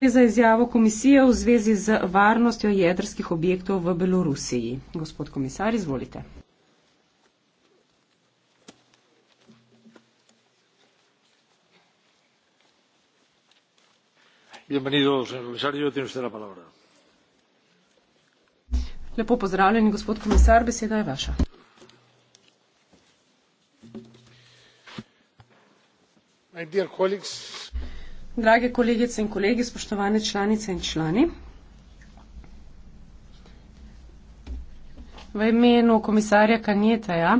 Gre za izjavo komisije v zvezi z varnostjo jedrskih objektov v Belorusiji. Gospod komisar, izvolite. Lepo pozdravljeni, gospod komisar, beseda je vaša. Drage kolegice in kolegi, spoštovane članice in člani. V imenu komisarja Kanjetaja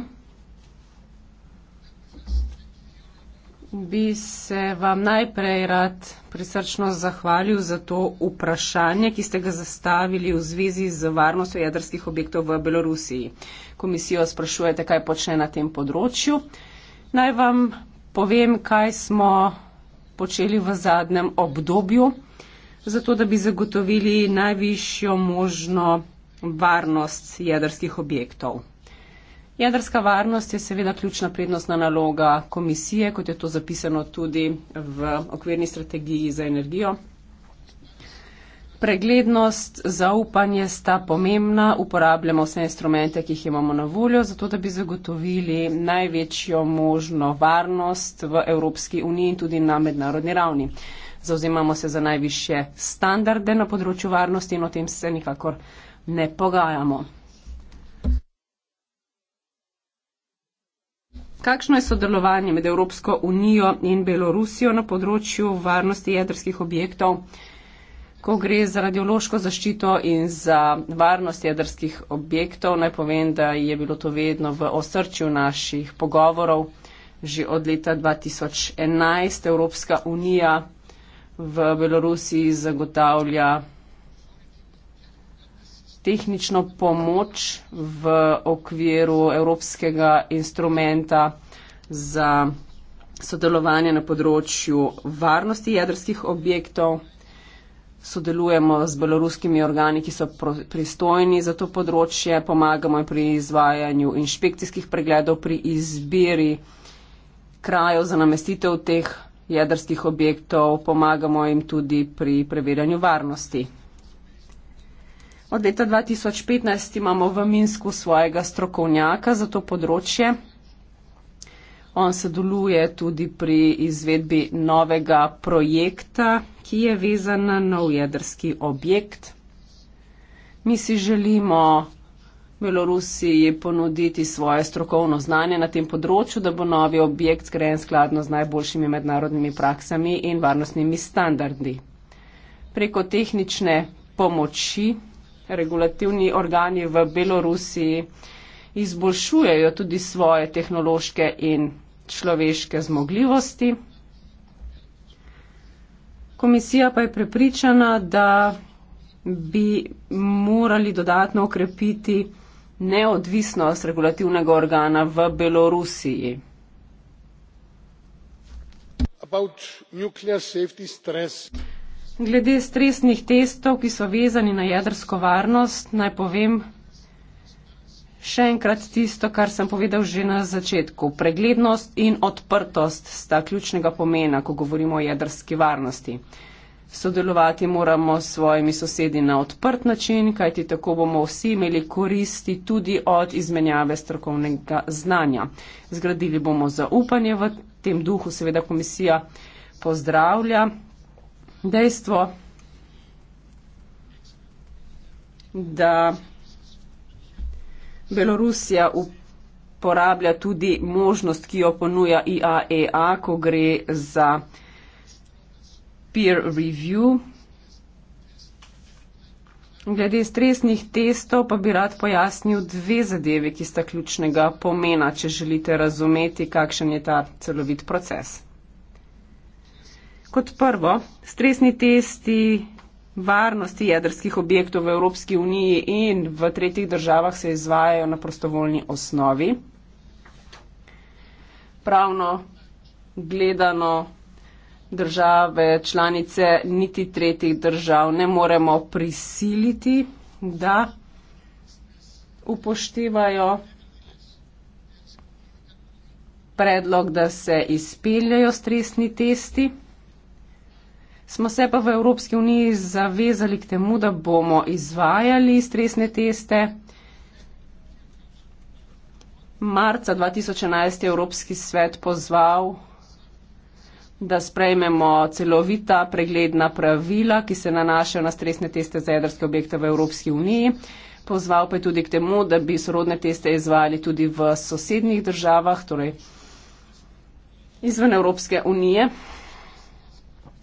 bi se vam najprej rad prisrčno zahvalil za to vprašanje, ki ste ga zastavili v zvezi z varnostjo jedrskih objektov v Belorusiji. Komisijo sprašujete, kaj počne na tem področju. Naj vam povem, kaj smo počeli v zadnjem obdobju, zato da bi zagotovili najvišjo možno varnost jedrskih objektov. Jedrska varnost je seveda ključna prednostna naloga komisije, kot je to zapisano tudi v okvirni strategiji za energijo Preglednost, zaupanje sta pomembna, uporabljamo vse instrumente, ki jih imamo na voljo, zato da bi zagotovili največjo možno varnost v Evropski uniji in tudi na mednarodni ravni. Zauzemamo se za najviše standarde na področju varnosti in o tem se nikakor ne pogajamo. Kakšno je sodelovanje med Evropsko unijo in Belorusijo na področju varnosti jedrskih objektov? Ko gre za radiološko zaščito in za varnost jedrskih objektov, naj povem, da je bilo to vedno v osrčju naših pogovorov. Že od leta 2011 Evropska unija v Belorusiji zagotavlja tehnično pomoč v okviru Evropskega instrumenta za sodelovanje na področju varnosti jedrskih objektov sodelujemo z beloruskimi organi, ki so pristojni za to področje, pomagamo pri izvajanju inšpekcijskih pregledov, pri izbiri krajev za namestitev teh jedrskih objektov, pomagamo jim tudi pri preverjanju varnosti. Od leta 2015 imamo v Minsku svojega strokovnjaka za to področje. On sodeluje tudi pri izvedbi novega projekta, ki je vezan na nov jedrski objekt. Mi si želimo Belorusiji ponuditi svoje strokovno znanje na tem področju, da bo novi objekt zgrajen skladno z najboljšimi mednarodnimi praksami in varnostnimi standardi. Preko tehnične pomoči regulativni organi v Belorusiji izboljšujejo tudi svoje tehnološke in človeške zmogljivosti. Komisija pa je prepričana, da bi morali dodatno okrepiti neodvisnost regulativnega organa v Belorusiji. Glede stresnih testov, ki so vezani na jedrsko varnost, naj povem, Še enkrat tisto, kar sem povedal že na začetku. Preglednost in odprtost sta ključnega pomena, ko govorimo o jedrski varnosti. Sodelovati moramo s svojimi sosedi na odprt način, kajti tako bomo vsi imeli koristi tudi od izmenjave strokovnega znanja. Zgradili bomo zaupanje v tem duhu, seveda komisija pozdravlja dejstvo, da. Belorusija uporablja tudi možnost, ki jo ponuja IAEA, e ko gre za peer review. Glede stresnih testov pa bi rad pojasnil dve zadeve, ki sta ključnega pomena, če želite razumeti, kakšen je ta celovit proces. Kot prvo, stresni testi varnosti jedrskih objektov v Evropski uniji in v tretjih državah se izvajajo na prostovoljni osnovi. Pravno gledano države, članice niti tretjih držav ne moremo prisiliti, da upoštevajo predlog, da se izpeljajo stresni testi. Smo se pa v Evropski uniji zavezali k temu, da bomo izvajali stresne teste. Marca 2011 je Evropski svet pozval, da sprejmemo celovita pregledna pravila, ki se nanašajo na stresne teste za jedrske objekte v Evropski uniji. Pozval pa je tudi k temu, da bi sorodne teste izvajali tudi v sosednjih državah, torej izven Evropske unije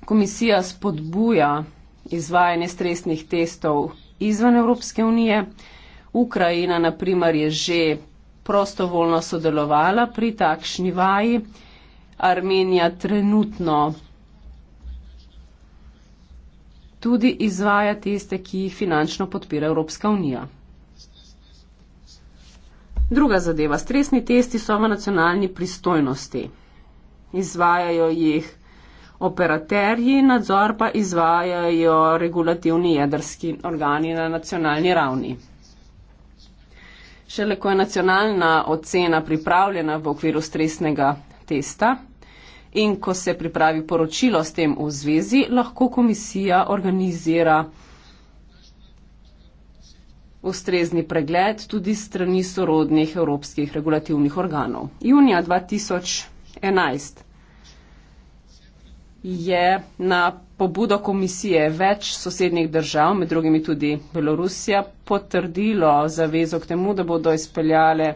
komisija spodbuja izvajanje stresnih testov izven Evropske unije. Ukrajina, na primer, je že prostovoljno sodelovala pri takšni vaji. Armenija trenutno tudi izvaja teste, ki jih finančno podpira Evropska unija. Druga zadeva. Stresni testi so v nacionalni pristojnosti. Izvajajo jih operaterji, nadzor pa izvajajo regulativni jedrski organi na nacionalni ravni. Šele ko je nacionalna ocena pripravljena v okviru stresnega testa in ko se pripravi poročilo s tem v zvezi, lahko komisija organizira ustrezni pregled tudi strani sorodnih evropskih regulativnih organov. Junija 2011 je na pobudo komisije več sosednjih držav, med drugimi tudi Belorusija, potrdilo zavezo k temu, da bodo izpeljale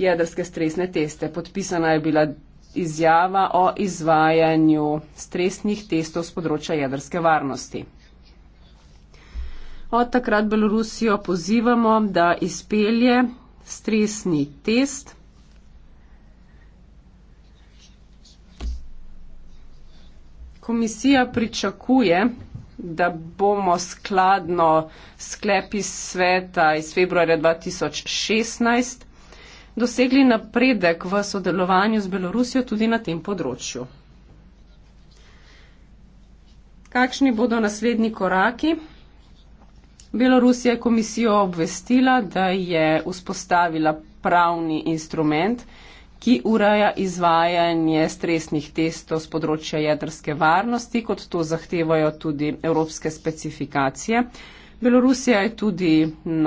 jedrske stresne teste. Podpisana je bila izjava o izvajanju stresnih testov z področja jedrske varnosti. Od takrat Belorusijo pozivamo, da izpelje stresni test komisija pričakuje, da bomo skladno sklepi sveta iz februarja 2016 dosegli napredek v sodelovanju z Belorusijo tudi na tem področju. Kakšni bodo naslednji koraki? Belorusija je komisijo obvestila, da je vzpostavila pravni instrument, ki ureja izvajanje stresnih testov z področja jedrske varnosti, kot to zahtevajo tudi evropske specifikacije. Belorusija je tudi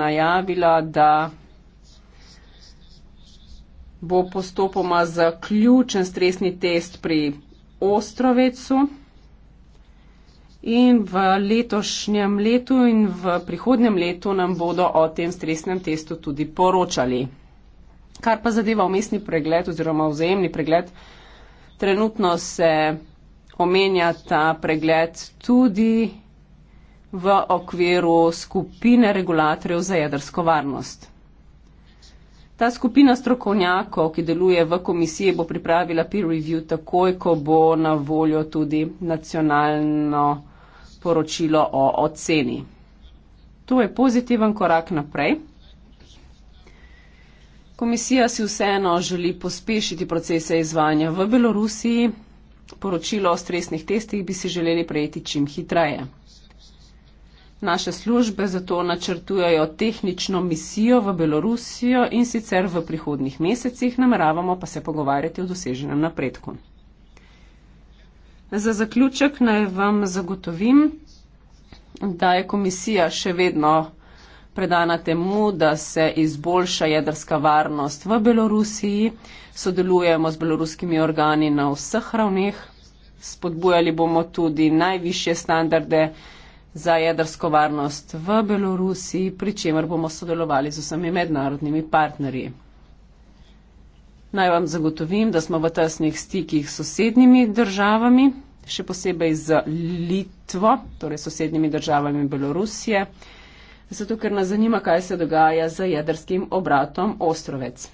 najavila, da bo postopoma zaključen stresni test pri Ostrovecu in v letošnjem letu in v prihodnjem letu nam bodo o tem stresnem testu tudi poročali. Kar pa zadeva omestni pregled oziroma vzajemni pregled, trenutno se omenja ta pregled tudi v okviru skupine regulatorjev za jedrsko varnost. Ta skupina strokovnjakov, ki deluje v komisiji, bo pripravila peer review takoj, ko bo na voljo tudi nacionalno poročilo o oceni. To je pozitiven korak naprej. Komisija si vseeno želi pospešiti procese izvajanja v Belorusiji. Poročilo o stresnih testih bi si želeli prejeti čim hitreje. Naše službe zato načrtujejo tehnično misijo v Belorusijo in sicer v prihodnih mesecih nameravamo pa se pogovarjati o doseženem napredku. Za zaključek naj vam zagotovim, da je komisija še vedno predana temu, da se izboljša jedrska varnost v Belorusiji. Sodelujemo z beloruskimi organi na vseh ravneh. Spodbujali bomo tudi najviše standarde za jedrsko varnost v Belorusiji, pri čemer bomo sodelovali z vsemi mednarodnimi partnerji. Naj vam zagotovim, da smo v tesnih stikih s sosednjimi državami, še posebej z Litvo, torej sosednjimi državami Belorusije zato ker nas zanima, kaj se dogaja z jedrskim obratom Ostrovec.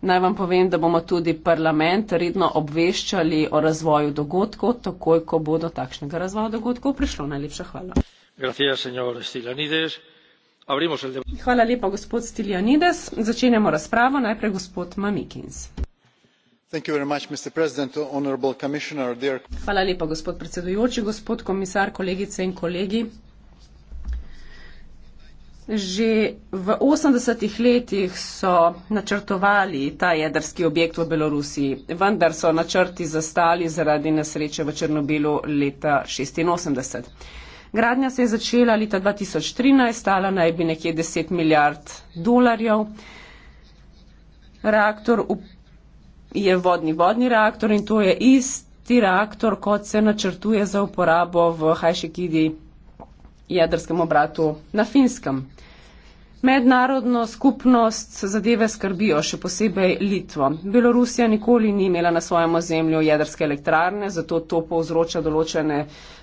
Naj vam povem, da bomo tudi parlament redno obveščali o razvoju dogodkov, takoj, ko bo do takšnega razvoja dogodkov prišlo. Najlepša hvala. Hvala lepa, gospod Stiljanides. Začenjamo razpravo. Najprej gospod Mamikins. Hvala lepa, gospod predsedujoči, gospod komisar, kolegice in kolegi. Že v 80-ih letih so načrtovali ta jedrski objekt v Belorusiji, vendar so načrti zastali zaradi nesreče v Črnobilu leta 86. Gradnja se je začela leta 2013, stala naj bi nekje 10 milijard dolarjev. Reaktor je vodni vodni reaktor in to je isti reaktor, kot se načrtuje za uporabo v Hajšikidi jedrskem obratu na finskem. Mednarodno skupnost zadeve skrbijo, še posebej Litvo. Belorusija nikoli ni imela na svojem ozemlju jedrske elektrarne, zato to povzroča določene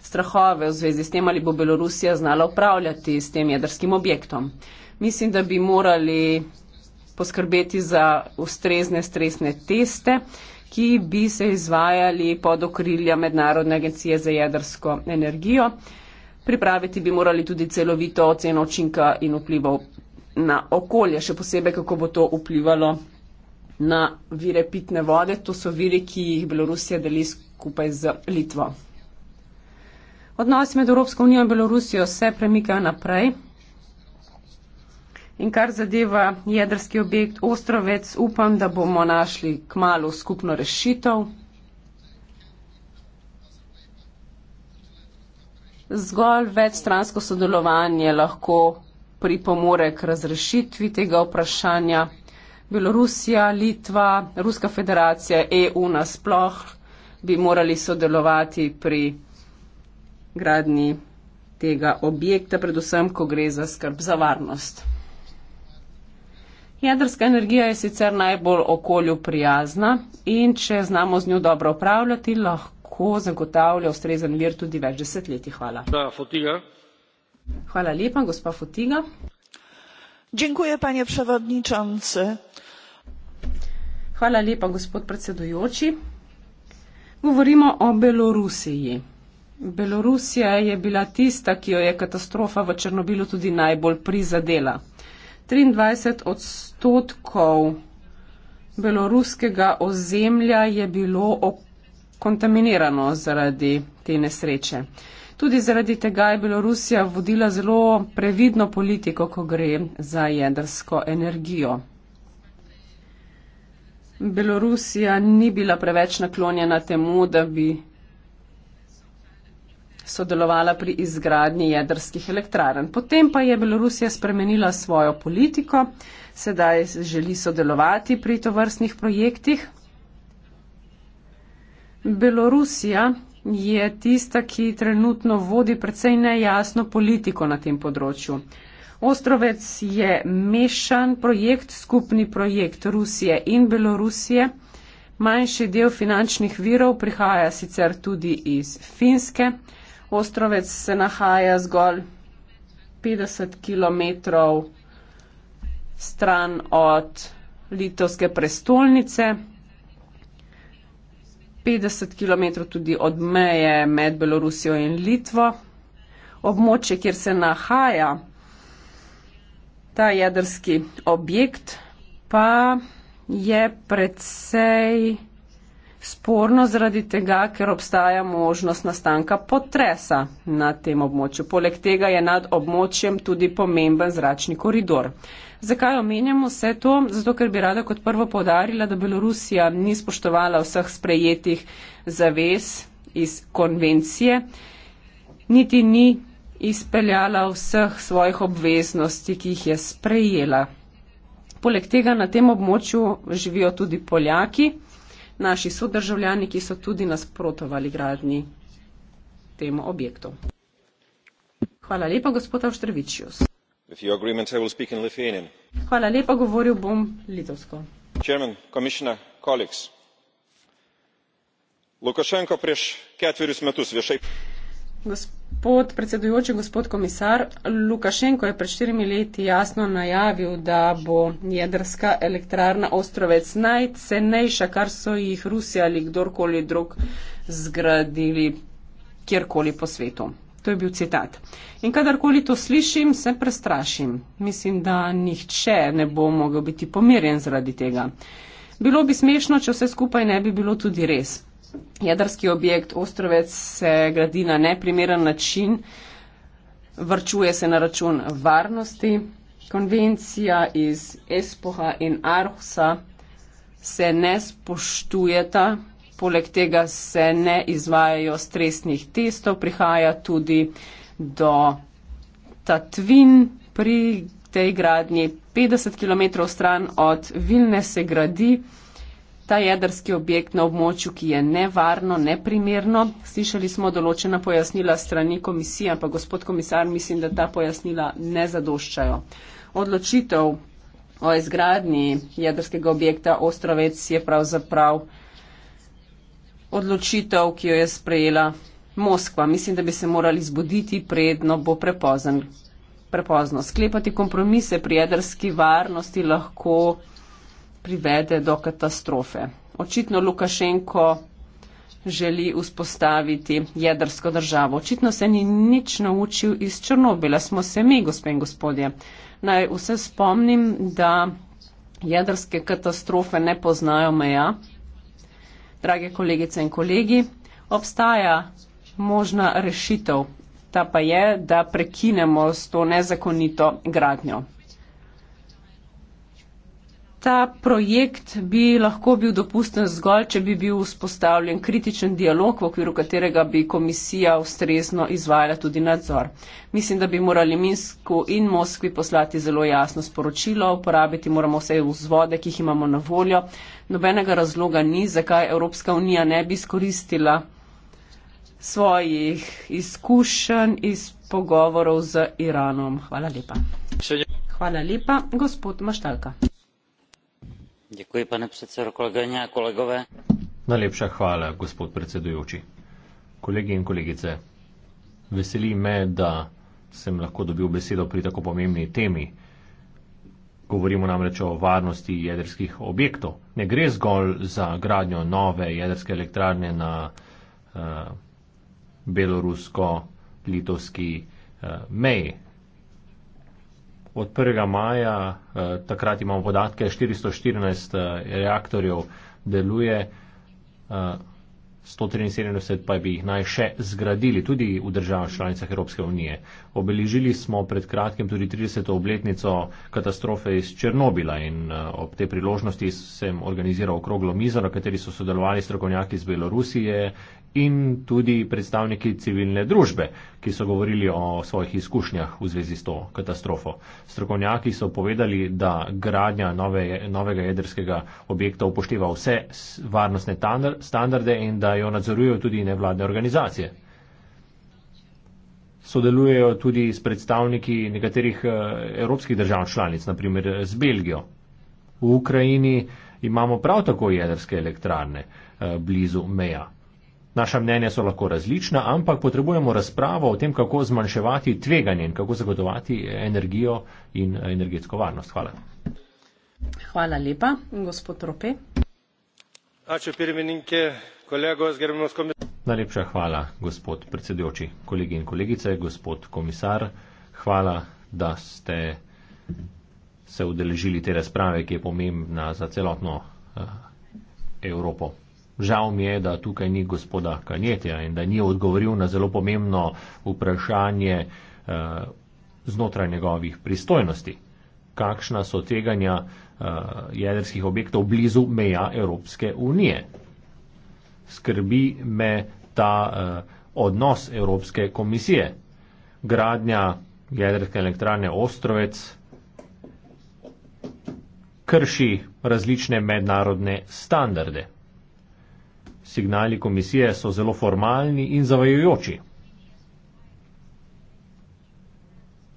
strahove v zvezi s tem, ali bo Belorusija znala upravljati s tem jedrskim objektom. Mislim, da bi morali poskrbeti za ustrezne stresne teste, ki bi se izvajali pod okrilja Mednarodne agencije za jedrsko energijo pripraviti bi morali tudi celovito oceno učinka in vplivov na okolje, še posebej, kako bo to vplivalo na vire pitne vode. To so viri, ki jih Belorusija deli skupaj z Litvo. Odnosi med Evropsko unijo in Belorusijo se premikajo naprej. In kar zadeva jedrski objekt Ostrovec, upam, da bomo našli k malu skupno rešitev. zgolj večstransko sodelovanje lahko pripomore k razrešitvi tega vprašanja. Belorusija, Litva, Ruska federacija, EU nasploh bi morali sodelovati pri gradni tega objekta, predvsem, ko gre za skrb za varnost. Jedrska energija je sicer najbolj okolju prijazna in če znamo z njo dobro upravljati, lahko lahko zagotavlja ustrezen mir tudi več desetletij. Hvala. Hvala lepa, gospa Fotiga. Dziękuję, panie przewodniczący. Hvala lepa, gospod predsedujoči. Govorimo o Belorusiji. Belorusija je bila tista, ki jo je katastrofa v Črnobilu tudi najbolj prizadela. 23 odstotkov beloruskega ozemlja je bilo okrepljeno kontaminirano zaradi te nesreče. Tudi zaradi tega je Belorusija vodila zelo previdno politiko, ko gre za jedrsko energijo. Belorusija ni bila preveč naklonjena temu, da bi sodelovala pri izgradnji jedrskih elektraren. Potem pa je Belorusija spremenila svojo politiko, sedaj želi sodelovati pri tovrstnih projektih, Belorusija je tista, ki trenutno vodi precej nejasno politiko na tem področju. Ostrovec je mešan projekt, skupni projekt Rusije in Belorusije. Manjši del finančnih virov prihaja sicer tudi iz Finske. Ostrovec se nahaja zgolj 50 km stran od litovske prestolnice. 50 km tudi od meje med Belorusijo in Litvo. Območje, kjer se nahaja ta jedrski objekt, pa je precej sporno zaradi tega, ker obstaja možnost nastanka potresa na tem območju. Poleg tega je nad območjem tudi pomemben zračni koridor. Zakaj omenjamo vse to? Zato, ker bi rada kot prvo povdarila, da Belorusija ni spoštovala vseh sprejetih zavez iz konvencije, niti ni izpeljala vseh svojih obveznosti, ki jih je sprejela. Poleg tega na tem območju živijo tudi Poljaki naši sodržavljani, ki so tudi nasprotovali gradni temu objektu. Hvala lepa, gospod Avštrevičius. Agreement, Hvala lepa, govoril bom litovsko. Chairman, Lukašenko prieš ketverius metus viešai. Gospod predsedujoči, gospod komisar, Lukašenko je pred štirimi leti jasno najavil, da bo jedrska elektrarna ostrovec najcenejša, kar so jih Rusija ali kdorkoli drug zgradili kjerkoli po svetu. To je bil citat. In kadarkoli to slišim, se prestrašim. Mislim, da nihče ne bo mogel biti pomirjen zaradi tega. Bilo bi smešno, če vse skupaj ne bi bilo tudi res jedrski objekt Ostrovec se gradi na neprimeren način, vrčuje se na račun varnosti. Konvencija iz Espoha in Arhusa se ne spoštujeta, poleg tega se ne izvajajo stresnih testov, prihaja tudi do tatvin pri tej gradnji. 50 km stran od Vilne se gradi ta jedrski objekt na območju, ki je nevarno, neprimerno. Slišali smo določena pojasnila strani komisije, ampak gospod komisar, mislim, da ta pojasnila ne zadoščajo. Odločitev o izgradnji jedrskega objekta Ostrovec je pravzaprav odločitev, ki jo je sprejela Moskva. Mislim, da bi se morali zbuditi predno, bo prepozen. Prepozno. Sklepati kompromise pri jedrski varnosti lahko privede do katastrofe. Očitno Lukašenko želi vzpostaviti jedrsko državo. Očitno se ni nič naučil iz Črnobila. Smo se mi, gospe in gospodje. Naj vse spomnim, da jedrske katastrofe ne poznajo meja. Drage kolegice in kolegi, obstaja možna rešitev. Ta pa je, da prekinemo s to nezakonito gradnjo ta projekt bi lahko bil dopusten zgolj, če bi bil vzpostavljen kritičen dialog, v okviru katerega bi komisija ustrezno izvajala tudi nadzor. Mislim, da bi morali Minsku in Moskvi poslati zelo jasno sporočilo, uporabiti moramo vse vzvode, ki jih imamo na voljo. Nobenega razloga ni, zakaj Evropska unija ne bi izkoristila svojih izkušenj iz pogovorov z Iranom. Hvala lepa. Hvala lepa, gospod Maštalka. Najlepša hvala, gospod predsedujoči. Kolegi in kolegice, veseli me, da sem lahko dobil besedo pri tako pomembni temi. Govorimo namreč o varnosti jedrskih objektov. Ne gre zgolj za gradnjo nove jedrske elektrarne na uh, belorusko-litovski uh, meji, od 1. maja, eh, takrat imamo podatke, 414 eh, reaktorjev deluje, eh, 173 pa bi jih naj še zgradili tudi v državah članicah Evropske unije. Obeležili smo pred kratkim tudi 30. obletnico katastrofe iz Černobila in eh, ob tej priložnosti sem organiziral okroglo mizo, na kateri so sodelovali strokovnjaki iz Belorusije in tudi predstavniki civilne družbe, ki so govorili o svojih izkušnjah v zvezi s to katastrofo. Strokovnjaki so povedali, da gradnja nove, novega jedrskega objekta upošteva vse varnostne standarde in da jo nadzorujejo tudi nevladne organizacije. Sodelujejo tudi s predstavniki nekaterih eh, evropskih držav članic, naprimer z Belgijo. V Ukrajini imamo prav tako jedrske elektrarne eh, blizu meja. Naša mnenja so lahko različna, ampak potrebujemo razpravo o tem, kako zmanjševati tveganje in kako zagotovati energijo in energetsko varnost. Hvala. Hvala lepa, gospod Trope. Najlepša hvala, gospod predsedujoči, kolegi in kolegice, gospod komisar. Hvala, da ste se udeležili te razprave, ki je pomembna za celotno uh, Evropo. Žal mi je, da tukaj ni gospoda Kanjetja in da ni odgovoril na zelo pomembno vprašanje eh, znotraj njegovih pristojnosti. Kakšna so teganja eh, jedrskih objektov blizu meja Evropske unije? Skrbi me ta eh, odnos Evropske komisije. Gradnja jedrske elektrane Ostrovec krši različne mednarodne standarde signali komisije so zelo formalni in zavajojoči.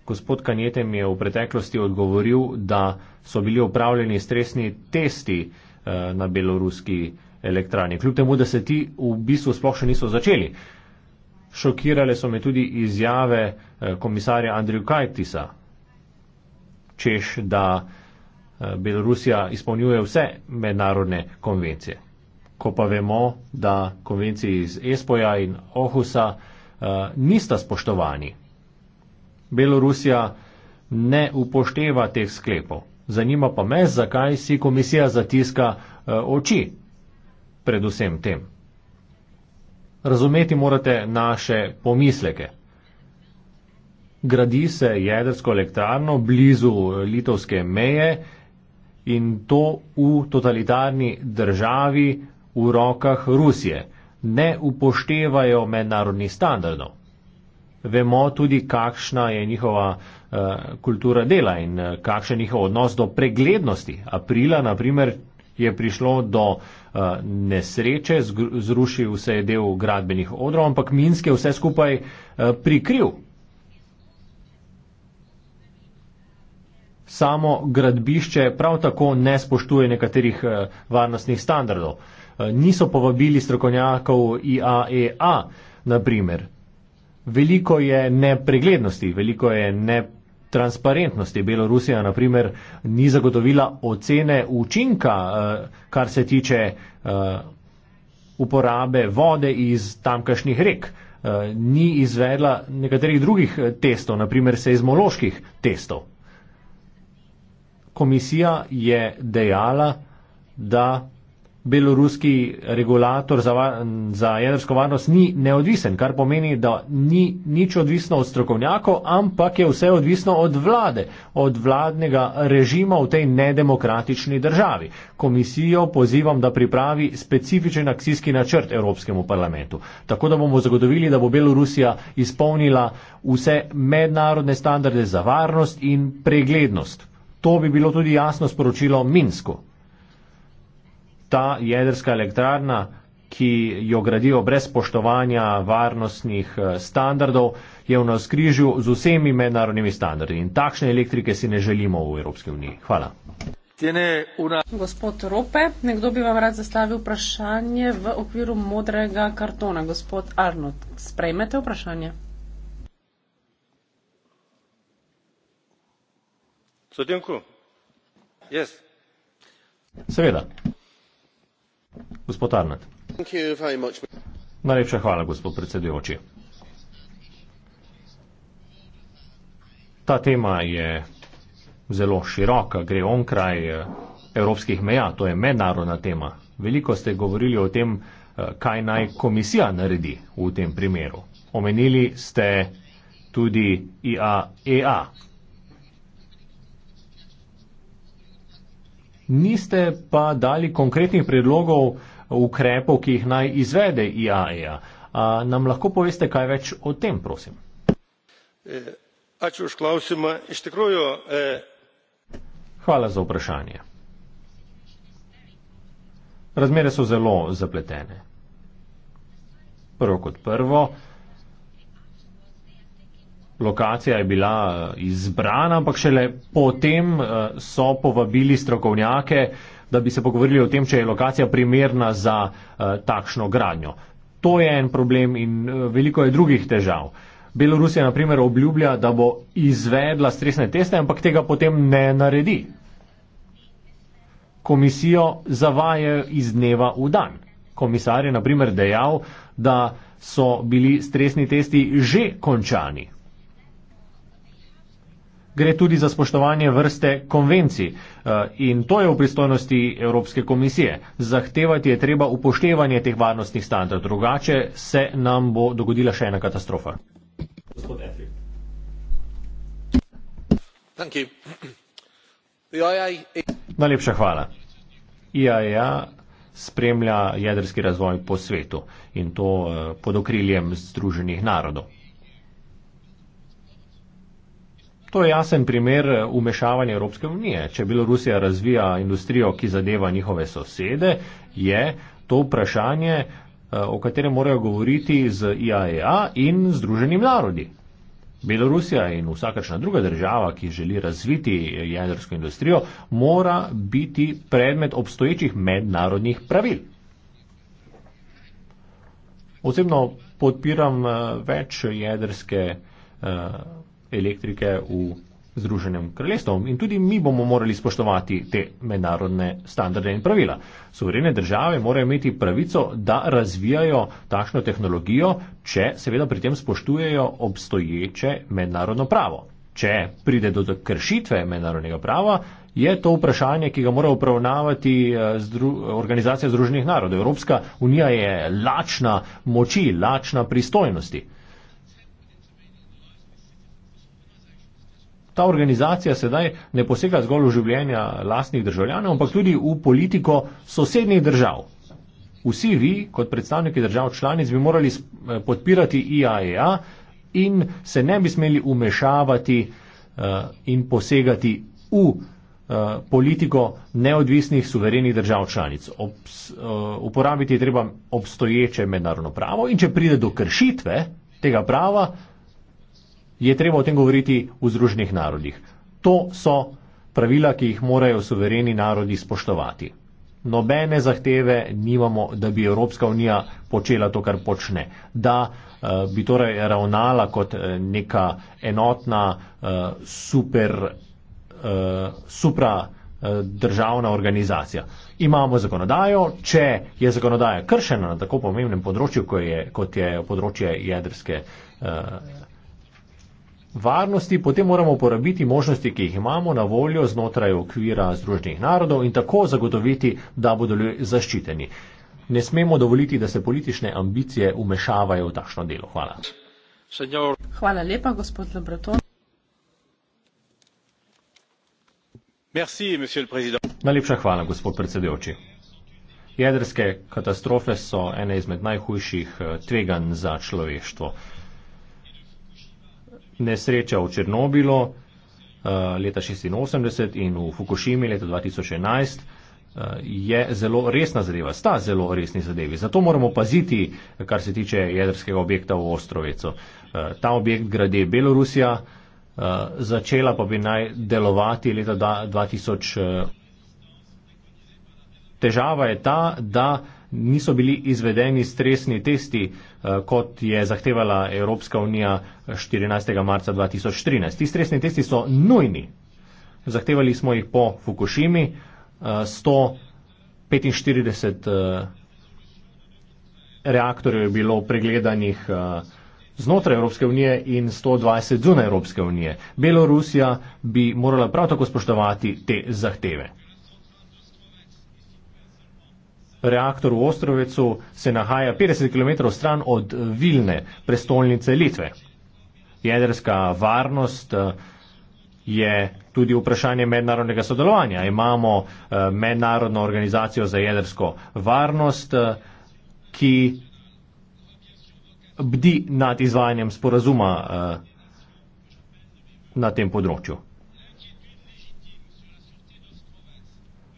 Gospod Kanjete mi je v preteklosti odgovoril, da so bili upravljeni stresni testi eh, na beloruski elektrani, kljub temu, da se ti v bistvu sploh še niso začeli. Šokirale so me tudi izjave eh, komisarja Andriju Kajtisa, češ, da eh, Belorusija izpolnjuje vse mednarodne konvencije ko pa vemo, da konvenciji iz Espoja in Ohusa uh, nista spoštovani. Belorusija ne upošteva teh sklepov. Zanima pa me, zakaj si komisija zatiska uh, oči pred vsem tem. Razumeti morate naše pomisleke. Gradi se jedrsko elektrarno blizu eh, litovske meje in to v totalitarni državi, v rokah Rusije, ne upoštevajo mednarodnih standardov. Vemo tudi, kakšna je njihova uh, kultura dela in uh, kakšen je njihov odnos do preglednosti. Aprila, naprimer, je prišlo do uh, nesreče, zrušil se je del gradbenih odrov, ampak Minsk je vse skupaj uh, prikril. Samo gradbišče prav tako ne spoštuje nekaterih uh, varnostnih standardov. Uh, Eh, niso povabili strokovnjakov IAEA, naprimer. Veliko je nepreglednosti, veliko je netransparentnosti. Belorusija, naprimer, ni zagotovila ocene učinka, eh, kar se tiče eh, uporabe vode iz tamkajšnjih rek. Ni izvedla nekaterih drugih testov, naprimer seizmoloških testov. Komisija je dejala, da beloruski regulator za, za jedrsko varnost ni neodvisen, kar pomeni, da ni nič odvisno od strokovnjakov, ampak je vse odvisno od vlade, od vladnega režima v tej nedemokratični državi. Komisijo pozivam, da pripravi specifičen akcijski načrt Evropskemu parlamentu, tako da bomo zagotovili, da bo Belorusija izpolnila vse mednarodne standarde za varnost in preglednost. To bi bilo tudi jasno sporočilo Minsku ta jedrska elektrarna, ki jo gradijo brez poštovanja varnostnih eh, standardov, je v nas križju z vsemi mednarodnimi standardi. In takšne elektrike si ne želimo v Evropski uniji. Hvala. Gospod Rope, nekdo bi vam rad zastavil vprašanje v okviru modrega kartona. Gospod Arnold, sprejmete vprašanje? Sodinku? Yes. Seveda. Gospod Arnet. Najlepša hvala, gospod predsedujoči. Ta tema je zelo široka, gre onkraj eh, evropskih meja, to je mednarodna tema. Veliko ste govorili o tem, eh, kaj naj komisija naredi v tem primeru. Omenili ste tudi IAEA, e niste pa dali konkretnih predlogov ukrepov, ki jih naj izvede IAEA. E A nam lahko poveste kaj več o tem, prosim? E, e, Hvala za vprašanje. Razmere so zelo zapletene. Prvo kot prvo, lokacija je bila eh, izbrana, ampak šele potem eh, so povabili strokovnjake, da bi se pogovorili o tem, če je lokacija primerna za eh, takšno gradnjo. To je en problem in veliko je drugih težav. Belorusija, na primer, obljublja, da bo izvedla stresne teste, ampak tega potem ne naredi. Komisijo zavaje iz dneva v dan. Komisar je, na primer, dejal, da so bili stresni testi že končani gre tudi za spoštovanje vrste konvencij eh, in to je v pristojnosti Evropske komisije. Zahtevati je treba upoštevanje teh varnostnih standardov, drugače se nam bo dogodila še ena katastrofa. E Najlepša hvala. IAEA e spremlja jedrski razvoj po svetu in to eh, pod okriljem Združenih narodov. To je jasen primer umešavanja eh, Evropske unije. Če Belorusija razvija industrijo, ki zadeva njihove sosede, je to vprašanje, eh, o katerem morajo govoriti z IAEA e in Združenim narodi. Belorusija in vsakačna druga država, ki želi razviti eh, jedrsko industrijo, mora biti predmet obstoječih mednarodnih pravil. Osebno podpiram več jedrske. Uh, elektrike v Združenem kraljestvu. In tudi mi bomo morali spoštovati te mednarodne standarde in pravila. Soverene države morajo imeti pravico, da razvijajo takšno tehnologijo, če seveda pri tem spoštujejo obstoječe mednarodno pravo. Če pride do kršitve mednarodnega prava, je to vprašanje, ki ga mora upravnavati eh, Zdru Organizacija združenih narodov. Evropska unija je lačna moči, lačna pristojnosti. ta organizacija sedaj ne posega zgolj v življenja lastnih državljanov, ampak tudi v politiko sosednjih držav. Vsi vi, kot predstavniki držav članic, bi morali eh, podpirati IAEA e in se ne bi smeli umešavati uh, in posegati v uh, politiko neodvisnih suverenih držav članic. Obs, uh, uporabiti je treba obstoječe mednarodno pravo in če pride do kršitve tega prava, je treba o tem govoriti v Združenih narodih. To so pravila, ki jih morajo suvereni narodi spoštovati. Nobene zahteve nimamo, da bi Evropska unija počela to, kar počne, da uh, bi torej ravnala kot eh, neka enotna uh, super, uh, supra uh, državna organizacija. Imamo zakonodajo, če je zakonodaja kršena na tako pomembnem področju, kot je, kot je področje jedrske. Uh, varnosti, potem moramo uporabiti možnosti, ki jih imamo na voljo znotraj okvira Združenih narodov in tako zagotoviti, da bodo ljudje zaščiteni. Ne smemo dovoliti, da se politične ambicije umešavajo v takšno delo. Hvala. Hvala lepa, gospod Lebreton. Merci, Najlepša hvala, gospod predsedujoči. Jedrske katastrofe so ene izmed najhujših eh, tveganj za človeštvo nesreča v Černobilu uh, leta 86 in v Fukushimi leta 2011 eh, je zelo resna zadeva, sta zelo resni zadevi. Zato moramo paziti, kar se tiče jedrskega objekta v Ostrovecu. Eh, ta objekt gradi Belorusija, začela pa bi naj delovati leta 2000. Težava je ta, da niso bili izvedeni stresni testi, eh, kot je zahtevala Evropska unija 14. marca 2013. Ti stresni testi so nujni. Zahtevali smo jih po Fukushimi, 145 eh, eh, reaktorjev je bilo pregledanih znotraj Evropske unije in 120 zunaj Evropske unije. Belorusija bi morala prav tako spoštovati te zahteve reaktor v Ostrovecu se nahaja 50 km stran od eh, Vilne, prestolnice Litve. Jedrska varnost eh, je tudi vprašanje mednarodnega sodelovanja. Imamo eh, mednarodno organizacijo za jedrsko varnost, ki bdi nad izvajanjem sporazuma na tem področju.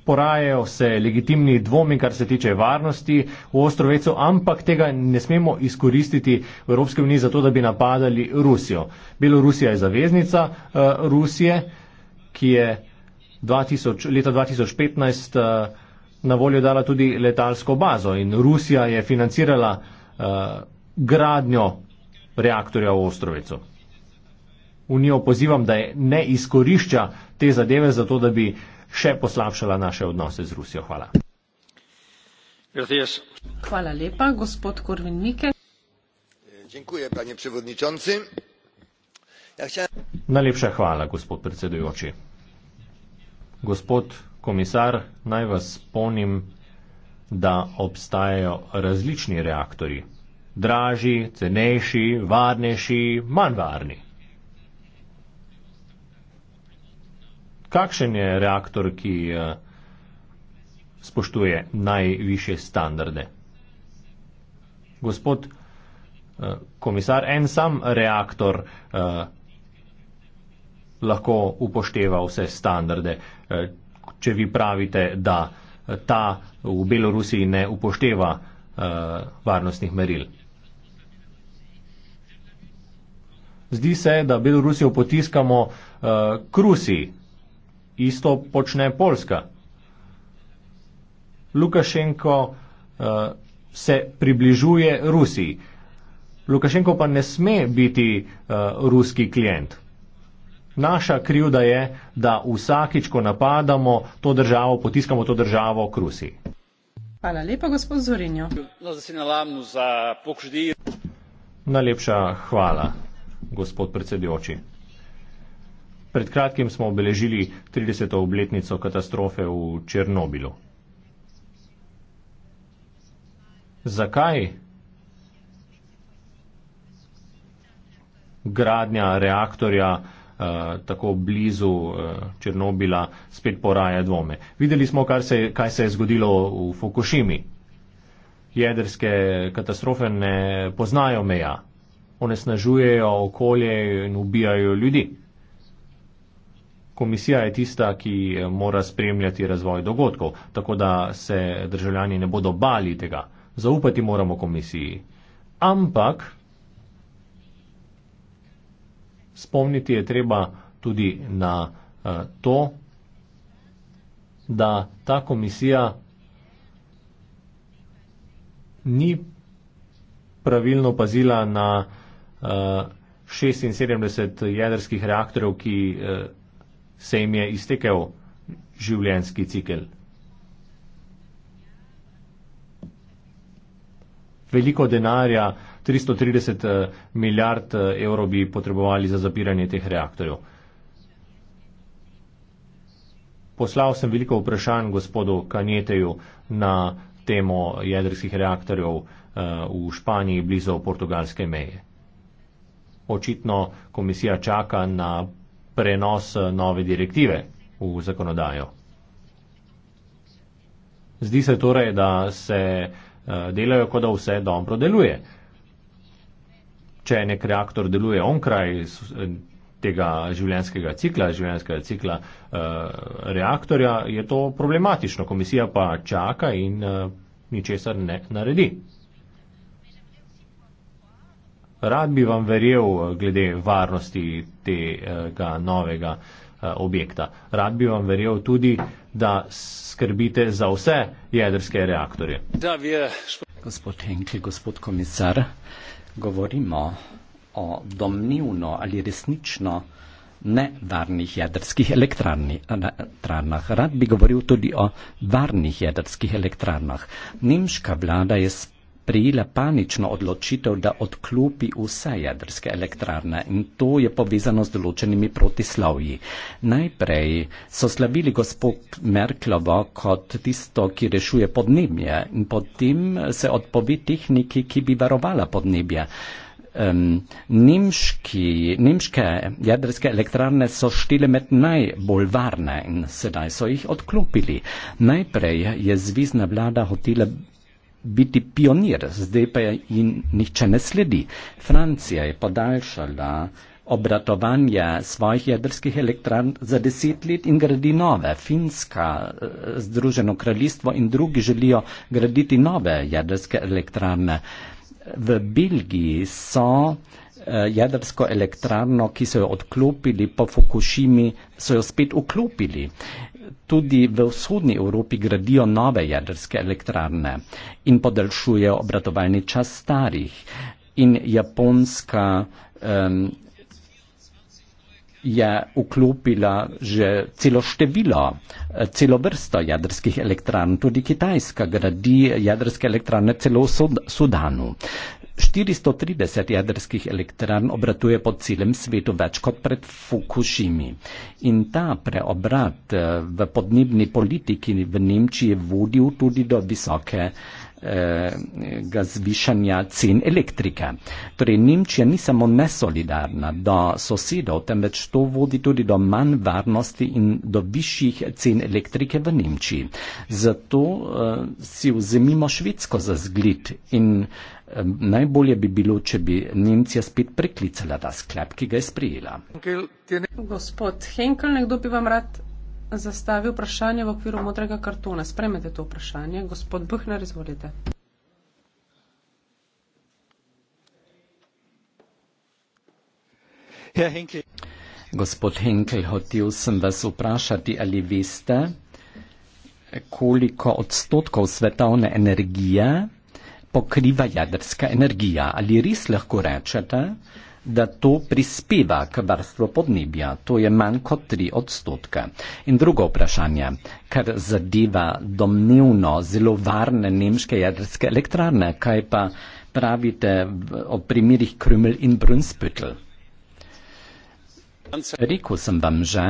porajajo se legitimni dvomi, kar se tiče varnosti v Ostrovecu, ampak tega ne smemo izkoristiti v Evropske unije za to, da bi napadali Rusijo. Belorusija je zaveznica uh, Rusije, ki je 2000, leta 2015 uh, eh, na voljo dala tudi letalsko bazo in Rusija je financirala uh, gradnjo reaktorja v Ostrovecu. Unijo pozivam, da ne izkorišča te zadeve za to, da bi uh, še poslabšala naše odnose z Rusijo. Hvala. Hvala lepa, gospod Korvin Mike. Dziękuję, panie przewodniczący. Ja chciałem... Najlepša hvala, gospod predsedujoči. Gospod komisar, naj vas spomnim, da obstajajo različni reaktori. Dražji, cenejši, varnejši, manj varni. kakšen je reaktor, ki eh, spoštuje najviše standarde? Gospod eh, komisar, en sam reaktor eh, lahko upošteva vse standarde. Če vi pravite, da ta v Belorusiji ne upošteva varnostnih meril. Zdi se, da Belorusijo potiskamo uh, k Rusiji isto počne Poljska. Lukašenko uh, se približuje Rusiji. Lukašenko pa ne sme biti uh, ruski klient. Naša krivda je, da vsakič, ko napadamo to državo, potiskamo to državo k Rusiji. Hvala lepa, gospod Zorinjo. Najlepša hvala, gospod predsedujoči. Pred kratkim smo obeležili 30. obletnico katastrofe v Černobilu. Zakaj gradnja reaktorja uh, tako blizu uh, Černobila spet poraja dvome? Videli smo, se, kaj se je zgodilo v Fukushimi. Jedrske katastrofe ne poznajo meja, onesnažujejo okolje in ubijajo ljudi. Komisija je tista, ki eh, mora spremljati razvoj dogodkov, tako da se državljani ne bodo bali tega. Zaupati moramo komisiji. Ampak spomniti je treba tudi na eh, to, da ta komisija ni pravilno pazila na 76 eh, jedrskih reaktorjev, ki se jim je iztekel življenjski cikel. Veliko denarja, 330 eh, milijard eh, evrov bi potrebovali za zapiranje teh reaktorjev. Poslal sem veliko vprašanj gospodu Kanjeteju na temo jedrskih reaktorjev eh, v Španiji blizu portugalske meje. Očitno komisija čaka na prenos eh, nove direktive v zakonodajo. Zdi se torej, da se eh, delajo, kot da vse dobro deluje. Če nek reaktor deluje onkraj eh, tega življenskega cikla, življenskega cikla reaktorja, je to problematično. Komisija pa čaka in ničesar ne naredi rad bi vam verjel eh, glede varnosti tega novega eh, objekta. Rad bi vam verjel tudi, da skrbite za vse jedrske reaktorje. Da, je. Gospod Henkel, gospod komisar, govorimo o domnivno ali resnično nevarnih jedrskih elektrarnah. Rad bi govoril tudi o varnih jedrskih elektrarnah. Nemška vlada je s prijela panično odločitev, da odklopi vse jedrske elektrarne in to je povezano z določenimi protislavji. Najprej so slavili gospod Merklovo kot tisto, ki rešuje podnebje in potem se odpovi tehniki, ki bi varovala podnebje. Um, nemški, nemške jedrske elektrarne so štile med najbolj varne in sedaj so jih odklopili. Najprej je zvizna vlada hotela biti pionir, zdaj pa jim nihče ne sledi. Francija je podaljšala obratovanje svojih jedrskih elektrarn za deset let in gradi nove. Finska, eh, Združeno kraljestvo in drugi želijo graditi nove jedrske elektrarne. V Belgiji so eh, jedrsko elektrarno, ki so jo odklopili po Fukushimi, so jo spet vklopili tudi v vzhodni Evropi gradijo nove jedrske elektrarne in podaljšujejo obratovalni čas starih. In Japonska um, je vklopila že celo število, eh, celo vrsto jedrskih elektrarn. Tudi Kitajska gradi jedrske elektrarne celo v Sudanu. 430 jedrskih elektrarn obratuje po celem svetu več kot pred Fukushimi. In ta preobrat eh, v podnebni politiki v Nemčiji vodil tudi do visoke eh, zvišanja cen elektrike. Torej, Nemčija ni samo nesolidarna do sosedov, temveč to vodi tudi do manj varnosti in do višjih cen elektrike v Nemčiji. Zato eh, si vzemimo Švedsko za zgled in eh, Najbolje bi bilo, če bi Nemčija spet preklicala ta sklep, ki ga je sprijela. Gospod Henkel, nekdo bi vam rad zastavi vprašanje v okviru modrega kartona. Spremete to vprašanje. Gospod Bhner, izvolite. Ja, Henkel. Gospod Henkel, hotel sem vas vprašati, ali veste, koliko odstotkov svetovne energije pokriva jedrska energija. Ali res lahko rečete, da to prispeva k varstvu podnebja. To je manj kot tri odstotke. In drugo vprašanje, kar zadeva domnevno zelo varne nemške jedrske elektrarne, kaj pa pravite o primerih Krümel in Brunsbüttel? Rekl sem vam že,